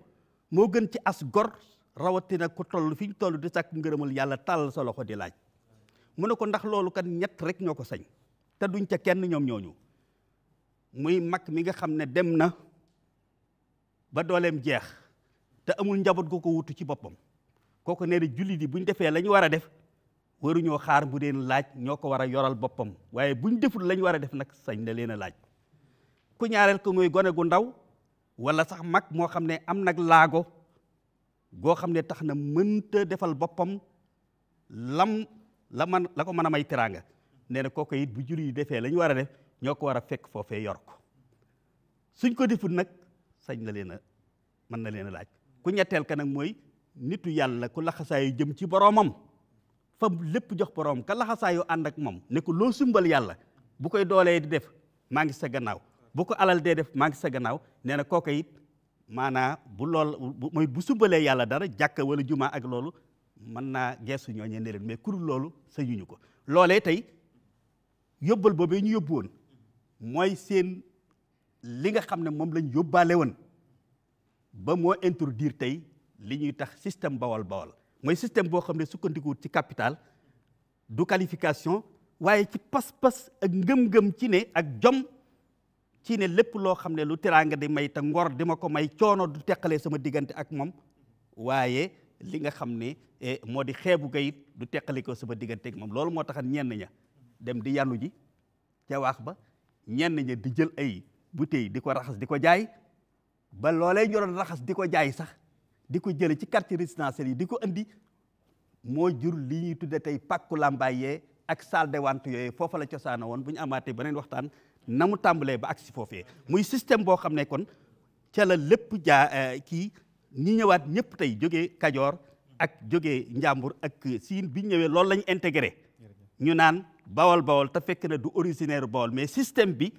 moo gën ci as gor rawatina ku toll fi ñu toll di sàkk ngërëmal yàlla tàllal sa loxo di laaj mu ne ko ndax loolu kan ñett rek ñoo ko sañ te duñ ca kenn ñoom ñooñu muy mag mi nga xam ne dem na ba dooleem jeex te amul njaboot gu ko wutu ci boppam kooku nee na jullit yi buñ defee la ñu war a def waruñoo xaar mu leen laaj ñoo ko war a yoral boppam waaye buñ deful la ñu war a def nag sañ na leen a laaj ku ñaareel ko muy gone gu ndaw wala sax mag moo xam ne am nag laago goo xam ne tax na mënta defal boppam lam laman mana la ko mën a may teraanga nee na kooku bu juri defé lañu wara def ñoko wara fekk fofé yor ko suñ ko deful nak sañ na leena man na leena laaj ku ñettel ka nak moy nitu yalla ku laxasaayu jëm ci boromam fa lepp jox borom ka yu and ak mom ne ko lo sumbal yalla bu koy di def ma ngi sa gannaaw bu ko alal de def ma ngi sa gannaaw neena na kooku it bu lol moy bu yalla dara jakka wala juma ak lolou mën naa geesu ñooñee ne leen mais kurul loolu sañuñu ko loolee tey yóbbal boobee ñu yóbbu woon mooy seen li nga xam ne moom lañ yóbbaale woon ba moo introduire tey li ñuy tax système bawal bawal mooy système boo xam ne sukkandikuwut ci capital du qualification waaye ci pas-pas ak ngëm-ngëm ci ne ak jom ci ne lépp loo xam ne lu teraanga di may te ngor di ma ko may coono du teqalee sama diggante ak moom waaye li nga xam eh, modi xébu di du kayit ko teqalikoo sama digganteeg moom loolu mo taxan ñenn ña dem di yallu ji ci wax ba ñenn ña di jël ay bouteille di ko raxas di jaay ba lolé ñu doon raxas di jaay sax di ko ci quartier résidentiel yi di andi mo jur li ñuy tuddé tay pakku lambayé ak salle de wante yoy fofu la cosaana won buñu amaté benen beneen waxtaan na mu tàmbalee ba agsi muy système bo xamné kon ci la lepp ja eh, ki ñi ñëwaat ñëpp tey jóge Kajoor ak jóge Njàmbur ak Siin bi ñëwee loolu lañ intégré ñu naan bawol bawol te fekk na du originaire bawol mais système bi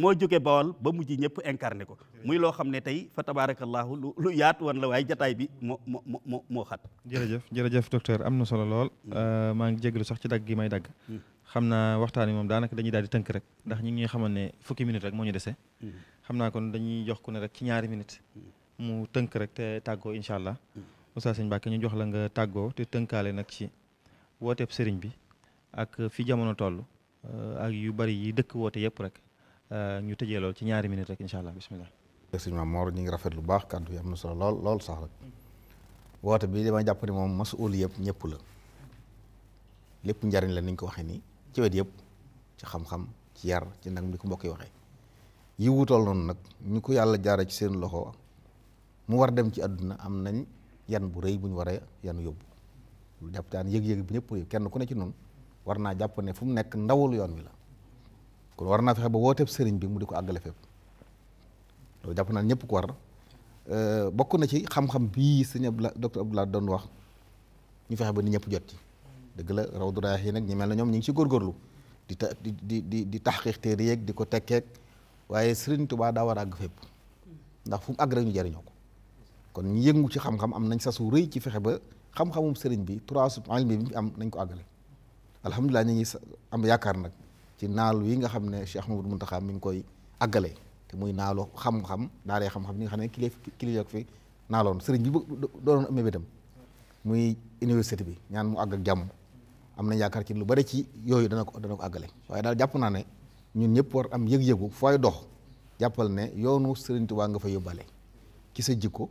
moo jóge bawol ba mujj ñëpp incarné ko muy loo xam ne tey fa tabaarakallaahu lu lu yaatu woon la waaye jataay bi moo moo moo moo xat. jërëjëf jërëjëf docteur am na solo lool euh, maa ngi jégalu sax ci dagg gi may dagg. xam naa waxtaan wi moom daanaka dañuy daal di tënk rek ndax ñi ngi xamal ne fukki minute rek moo ñu dese. Mm-hmm. xam naa kon dañuy jox ku ne rek ci ñaari minute mu teunk rek te taggo inshallah oustad Oustaz Sëñ ñu jox la nga taggo te teunkale nak ci wote sëriñ bi ak fi jamono tollu euh, ak yu bari yi dekk wote yep rek euh, ñu tëjee lool ci ñaari minute rek inshallah bismillah bisimilah. mamour ñi ngi rafet lu baax kaddu yam na solo lol lol sax rek wote bi dama japp ni mom masoul yep ñep la lepp njariñ la niñ ko waxe ni ci wet yep ci xam-xam ci yar ci nak mi ko mbokk yi yi wutool noonu nag ñu ko yalla jaare ci seen loxo. mu war dem ci àdduna am nañ yan bu rëy bu ñu war a yan yóbbu lu jàpp taan yëg-yëg bi ñëpp kenn ku ne ci noonu war naa jàpp ne fu mu nekk ndawul yoon wi la kon war naa fexe ba wooteeb sëriñ bi mu di ko àggale fépp loolu jàpp naa ñëpp ko war euh, bokk na ci xam-xam bii sëñ Abdoulaye docteur Abdoulaye doon wax ñu fexe ba ni ñëpp jot ci dëgg la raw du raax yi nag ñu mel na ñoom ñu ngi ci góorgóorlu di ta di di di di taxqiq téere yeeg di ko tekkeek waaye sëriñ Tuubaa daa war a àgg ndax fu mu ñu jëriñoo ko kon ñu yëngu ci xam-xam am nañ sasu rëy ci fexe ba xam-xamum sëriñ bi trois sub almi bi mu am nañ ko àggale alhamdulilah ñu ngi am yaakaar nag ci naal yi nga xam ne Cheikh Mamadou Mountakha mi ngi koy àggale te muy naalu xam-xam daaree xam-xam yi nga xam ne kilif kilif fi naaloon sëriñ bi doonoon amee bétam muy université bi ñaan mu àgg ak jàmm am nañ yaakaar ci lu bari ci yooyu dana ko dana ko àggale waaye daal jàpp naa ne ñun ñëpp war am yëg-yëgu fooy dox jàppal ne yoonu sëriñ waa nga fa yóbbaale ci sa jikko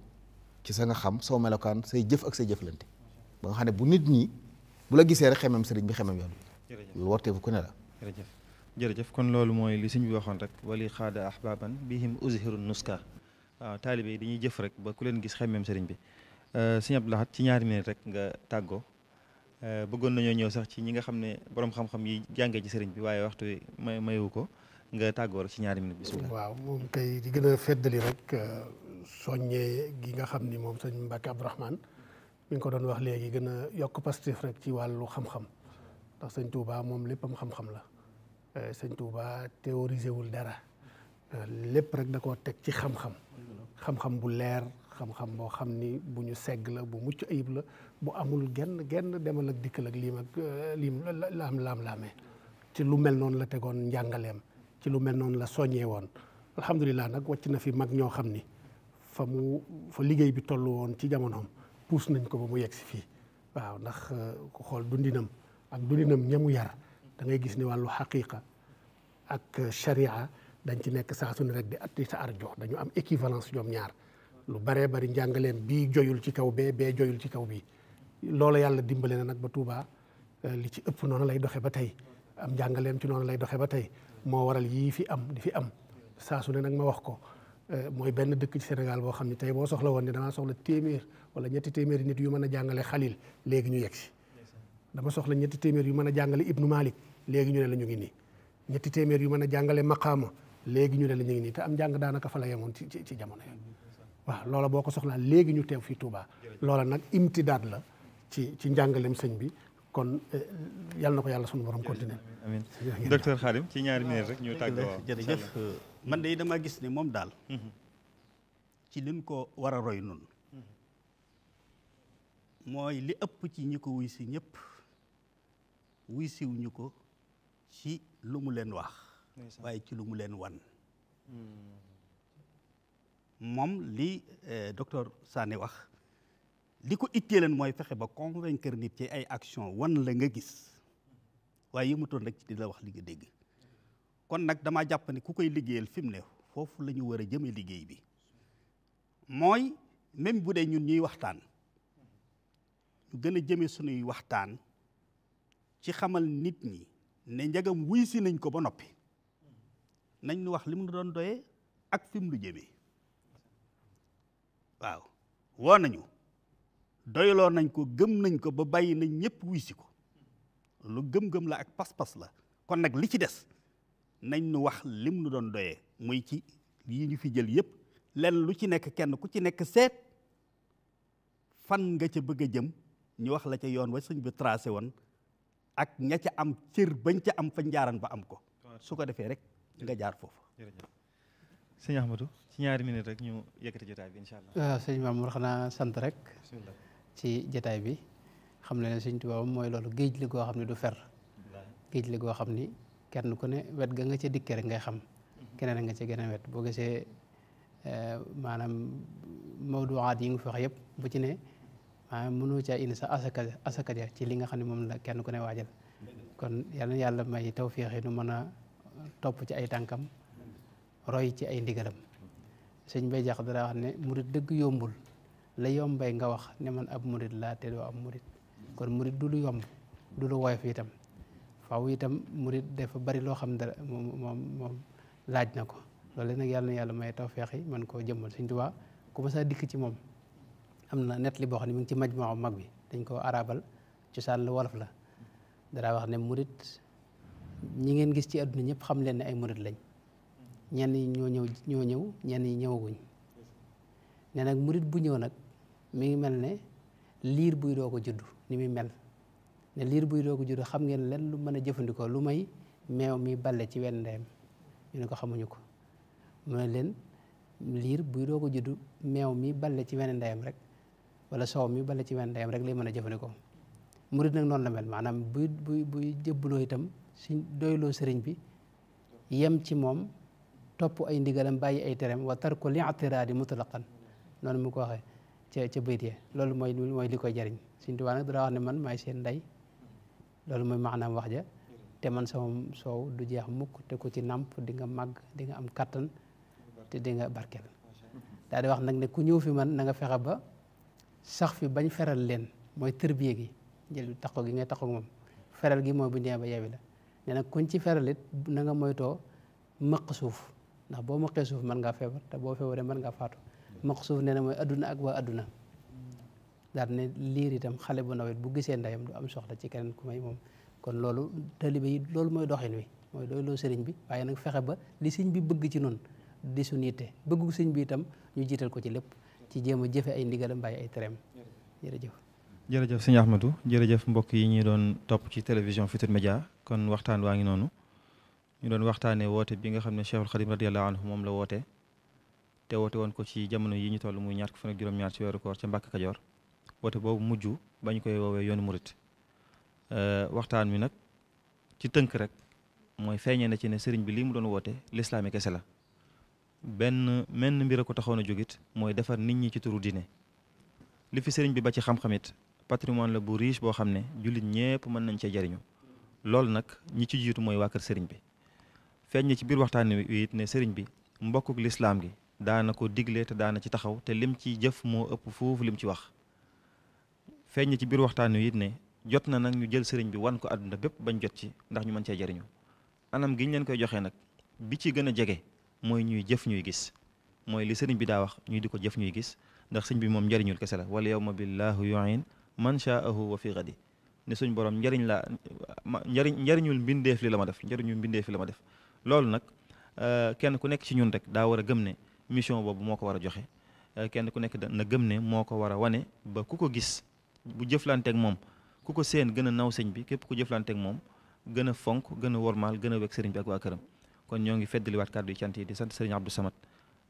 ci sa nga xam soo melokaan say jëf ak say jëflante ba nga xam ne bu nit ñi bu la gisee rek xemem sëriñ bi xemem yoon loolu wartee fu ko ne la jërëjëf jërëjëf kon loolu mooy li sëñ bi waxoon rek wali xaada ahbaban bihim uzhiru nuska waaw taalibe yi dañuy jëf rek ba ku leen gis xemem sëriñ bi euh, sëñ Abdou laxat ci ñaari minute rek nga tàggoo euh, bëggoon nañoo ñëw sax ci ñi nga xam ne borom xam-xam yi jàngee ci sëriñ bi waaye waxtu may mayewu ko nga tàggoo rek ci ñaari minute soññee gi nga xam ni moom sëñ Mbacke Abdourahmane mi ngi ko doon wax léegi gën a yokk pastif rek ci wàllu xam-xam ndax sëñ Touba moom léppam xam-xam la eh, sëñ Touba théorisé wul dara eh, lépp rek da koo teg ci xam-xam xam-xam bu leer xam-xam boo xam ni bu ñu segg la bu mucc ayib la bu amul genn genn demal ak dikkal ak liim ak eh, liim laam laam laamee ci lu mel noonu la tegoon njàngaleem ci lu mel noonu la soññee woon alhamdulilah nag wàcc na fi mag ñoo xam ni fa mu fa liggéey bi toll woon ci jamonoom puus nañ ko ba mu yegg si fii waaw ndax euh, ku xool dundinam ak dundinam ñamu yar da gis ni wàllu xaqiqa ak euh, sharia dañ ci nekk saa su ne rek di at di sa ar jox dañu am équivalence ñoom ñaar lu baree bari njàngaleem bii joyul ci kaw bee bee joyul ci kaw bii loolu yàlla dimbale na nag ba tuubaa euh, li ci ëpp noonu lay doxe ba tey am njàngaleem ci noonu lay doxe ba tey moo waral yii fi am di fi am saa su ne nag ma wax ko Euh, mooy benn dëkk ci Sénégal boo xam ne tey boo soxla woon ne damaa soxla téeméer wala ñetti téeméeri nit yu mën a jàngale xalil léegi ñu yegg si dama soxla ñetti téeméer yu mën a jàngale ibnu malik léegi ñu ne la ñu ngi nii ñetti téeméer yu mën a jàngale maqaama léegi ñu ne la ñu ngi nii te am jàng daanaka fa la yemoon ci ci jamono yooyu waaw loola boo ko soxlaa léegi ñu teew fii Touba loola nag imtidaad la ci ci njàngalem sëñ bi kon euh, yal na ko yàlla sunu borom continuer amiin docteur Khadim ci man de dama gis ni moom daal ci liñ ko war a roy nun mooy li ëpp ci ñi ko wuy si ñëpp wuy siw ñu ko ci lu mu leen wax waaye ci lu mu leen wan moom li eh, docteur Sané wax li ko ittee leen mooy fexe ba convaincre nit ci ay action wan la nga gis waaye toon rek ci di la wax li nga dégg kon nag damaa jàpp ne ku koy liggéeyal fi mu ne foofu lañu war a jëme liggéey bi mooy même bu dee ñun ñuy waxtaan ñu gën a jëme suñuy waxtaan ci xamal nit ñi ne njagam wuy nañ ko ba noppi nañ nu wax li mu doon doye ak fi lu jëmee waaw woo nañu doyloo nañ ko gëm nañ ko ba bàyyi nañ ñëpp wuy ko lu gëm-gëm la ak pas-pas la kon nag li ci des nañ nu wax lim nu doon doyee muy ci yi ñu fi jël yépp lenn lu ci nekk kenn ku ci nekk seet fan nga ca bëgg a jëm ñu wax la ca yoon wa sëñ bi tracé woon ak ña ca am cër bañ ca am fañ ba am ko su ko defee rek nga jaar foofu sëñ Ahmadou ci ñaari minute rek ñu yëkëti jotaay bi inshallah allah waaw euh, Mamour xana sant rek ci jotaay bi xam na ne sëñ mooy loolu géej li goo xam ne du fer géej li goo xam ni kenn ku ne wet ga nga ca dikkee rek xam mhm. keneen nga ca gën wet boo gisee eh, maanaam mawduwaat yi nga fi yëpp bu ci ne maanaam mënoo ca indi sa asaka asaka ci li nga xam ne moom la kenn ku ne waajal kon yal na yàlla may tawféex yi nu mën a topp ci ay tànkam roy ci ay ndigalam sëñ ba jax dara wax ne murit dëgg yombul la yombay nga wax ne man ab murit laa te doo ab murit kon murit du lu yomb du lu woyof itam faw itam murid dafa bari loo xam dara moom moom moom laaj na ko loolu nag yàlla na yàlla may tawfeex yi man koo jëmmal suñ Tuubaa ku ma sax dikk ci moom am na net li boo xam ne mu ngi ci moo mag bi dañ ko arabal cosaan la wolof la dara wax ne murit ñi ngeen gis ci àdduna ñëpp xam leen ne ay murit lañ ñenn ñi ñoo ñëw ñoo ñëw ñenn ñi ñëwaguñ ne nag murit bu ñëw nag mi ngi mel ne liir buy doo ko juddu ni muy mel ne liir buy doogu juddu xam ngeen len lu meuna a lu may meew mi balle ci wenn ñu ko xamuñu ko mu ne leen buy doogu juddu meew mi balle ci wenn ndeyam rek wala soow mi balle ci wenn ndeyam rek lay meuna a murid nak non la mel manam buy buy buy jëbbuloo itam suñ doylo sëriñ bi yem ci mom top ay ndigalam bàyyi ay terem wa tarku li mutlaqan non mu ko waxe ci ci bayt ya loolu moy mooy li jariñ dara wax ne man may seen nday loolu moy maanaam wax ja te man sama soow du jeex mukk te ko ci namp di nga mag di nga am katan te di nga barkel da di wax nak ne ku ñew fi man nga fexe ba sax fi bañ feral len moy terbiye gi jël taxaw gi ngay taxaw mom feral gi moy bu ñe ba yewi la ne nak kuñ ci feral na nga moytoo mëq suuf ndax bo mëqee man nga febar feebar te boo feebaree mën ngaa faatu mëq na moy aduna ak daal ne liir itam xale bu ndawet bu gisee ndeyam du am soxla ci keneen ku may moom kon loolu taalibe yi loolu mooy doxin wi mooy doyloo sëriñ bi waaye nag fexe ba li siñ bi bëgg ci noonu di suñu yitte bëggu sëñ bi itam ñu jiital ko ci lépp ci jéem a jëfe ay ndigalam ay tereem jërëjëf jërëjëf sëñ jërëjëf mbokk yi ñuy doon topp ci télévision Futurs Médias kon waxtaan waa ngi noonu ñu doon waxtaanee woote bi nga xam ne Cheikhul Khadim radiyallahu anhu moom la woote te woote woon ko ci jamono yi ñu toll muy ñaar ko fu ak juróom-ñaar ci weeru koor ca Mbàkke Kajoor woote boobu mujj bañ koy woowee yoonu murit euh, waxtaan wi nag ci tënk rek mooy feeñee na ci ne sëriñ bi lii mu doon woote lislaami kese la benn menn mbir a ko taxoon a jógit mooy defar nit ñi ci turu diine li fi sëriñ bi ba ci xam-xamit patrimoine la bu riche boo xam ne jullit ñépp mën nañ cee jariñu loolu nag ñi ci jiitu mooy waa kër sëriñ bi feeñ na ci biir waxtaan wi it ne sëriñ bi mbokkuk lislaam gi daana ko digle te daana ci taxaw te lim ci jëf moo ëpp foofu lim ci wax feeñ na ci biir waxtaan wi it ne jot na nag ñu jël sëriñ bi wan ko àdduna bépp bañ jot ci ndax ñu man cee jariñu anam gi ñu leen koy joxee nag bi ci gën a jege mooy ñuy jëf ñuy gis mooy li sëriñ bi daa wax ñuy di ko jëf ñuy gis ndax sëñ bi moom njariñul kese la wala yow ma billaahu yuin man shaahu wa fi gadi ne suñ borom njariñ la njariñ njariñul mbindeef li la ma def njariñul mbindeef li la ma def loolu nag euh, kenn ku nekk ci ñun rek daa war a gëm ne mission boobu moo ko war a joxe euh, kenn ku nekk na gëm ne moo ko war a wane ba ku ko gis bu jëflanteeg moom ku ko seen gën a naw sëñ bi képp ku jëflanteeg moom gën a fonk gën a wormaal gën a wekk sëriñ bi ak waa këram kon ñoo ngi feddaliwaat kàddu yi cant yi di sant sëriñ Abdou Samad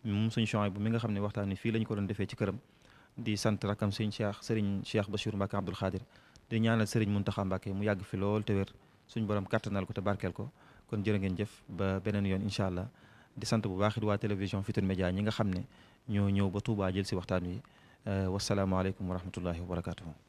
moom suñ chony bu mi nga xam ne waxtaan wi fii lañ ko doon defee ci këram di sant rakam sëriñ Cheikh sëriñ Cheikh Bachir Mbacke Abdoul Khadir di ñaanal sëriñ Mountakha Mbacke mu yàgg fi lool te wér suñ borom kattanal ko te barkeel ko kon jërë ngeen jëf ba beneen yoon incha allah di sant bu baax it waa télévision Futurs Médias ñi nga xam ne ñoo ñëw ba Touba jël si waxtaan wi wasalaamaaleykum wa rahmatullahi wa barakatuhu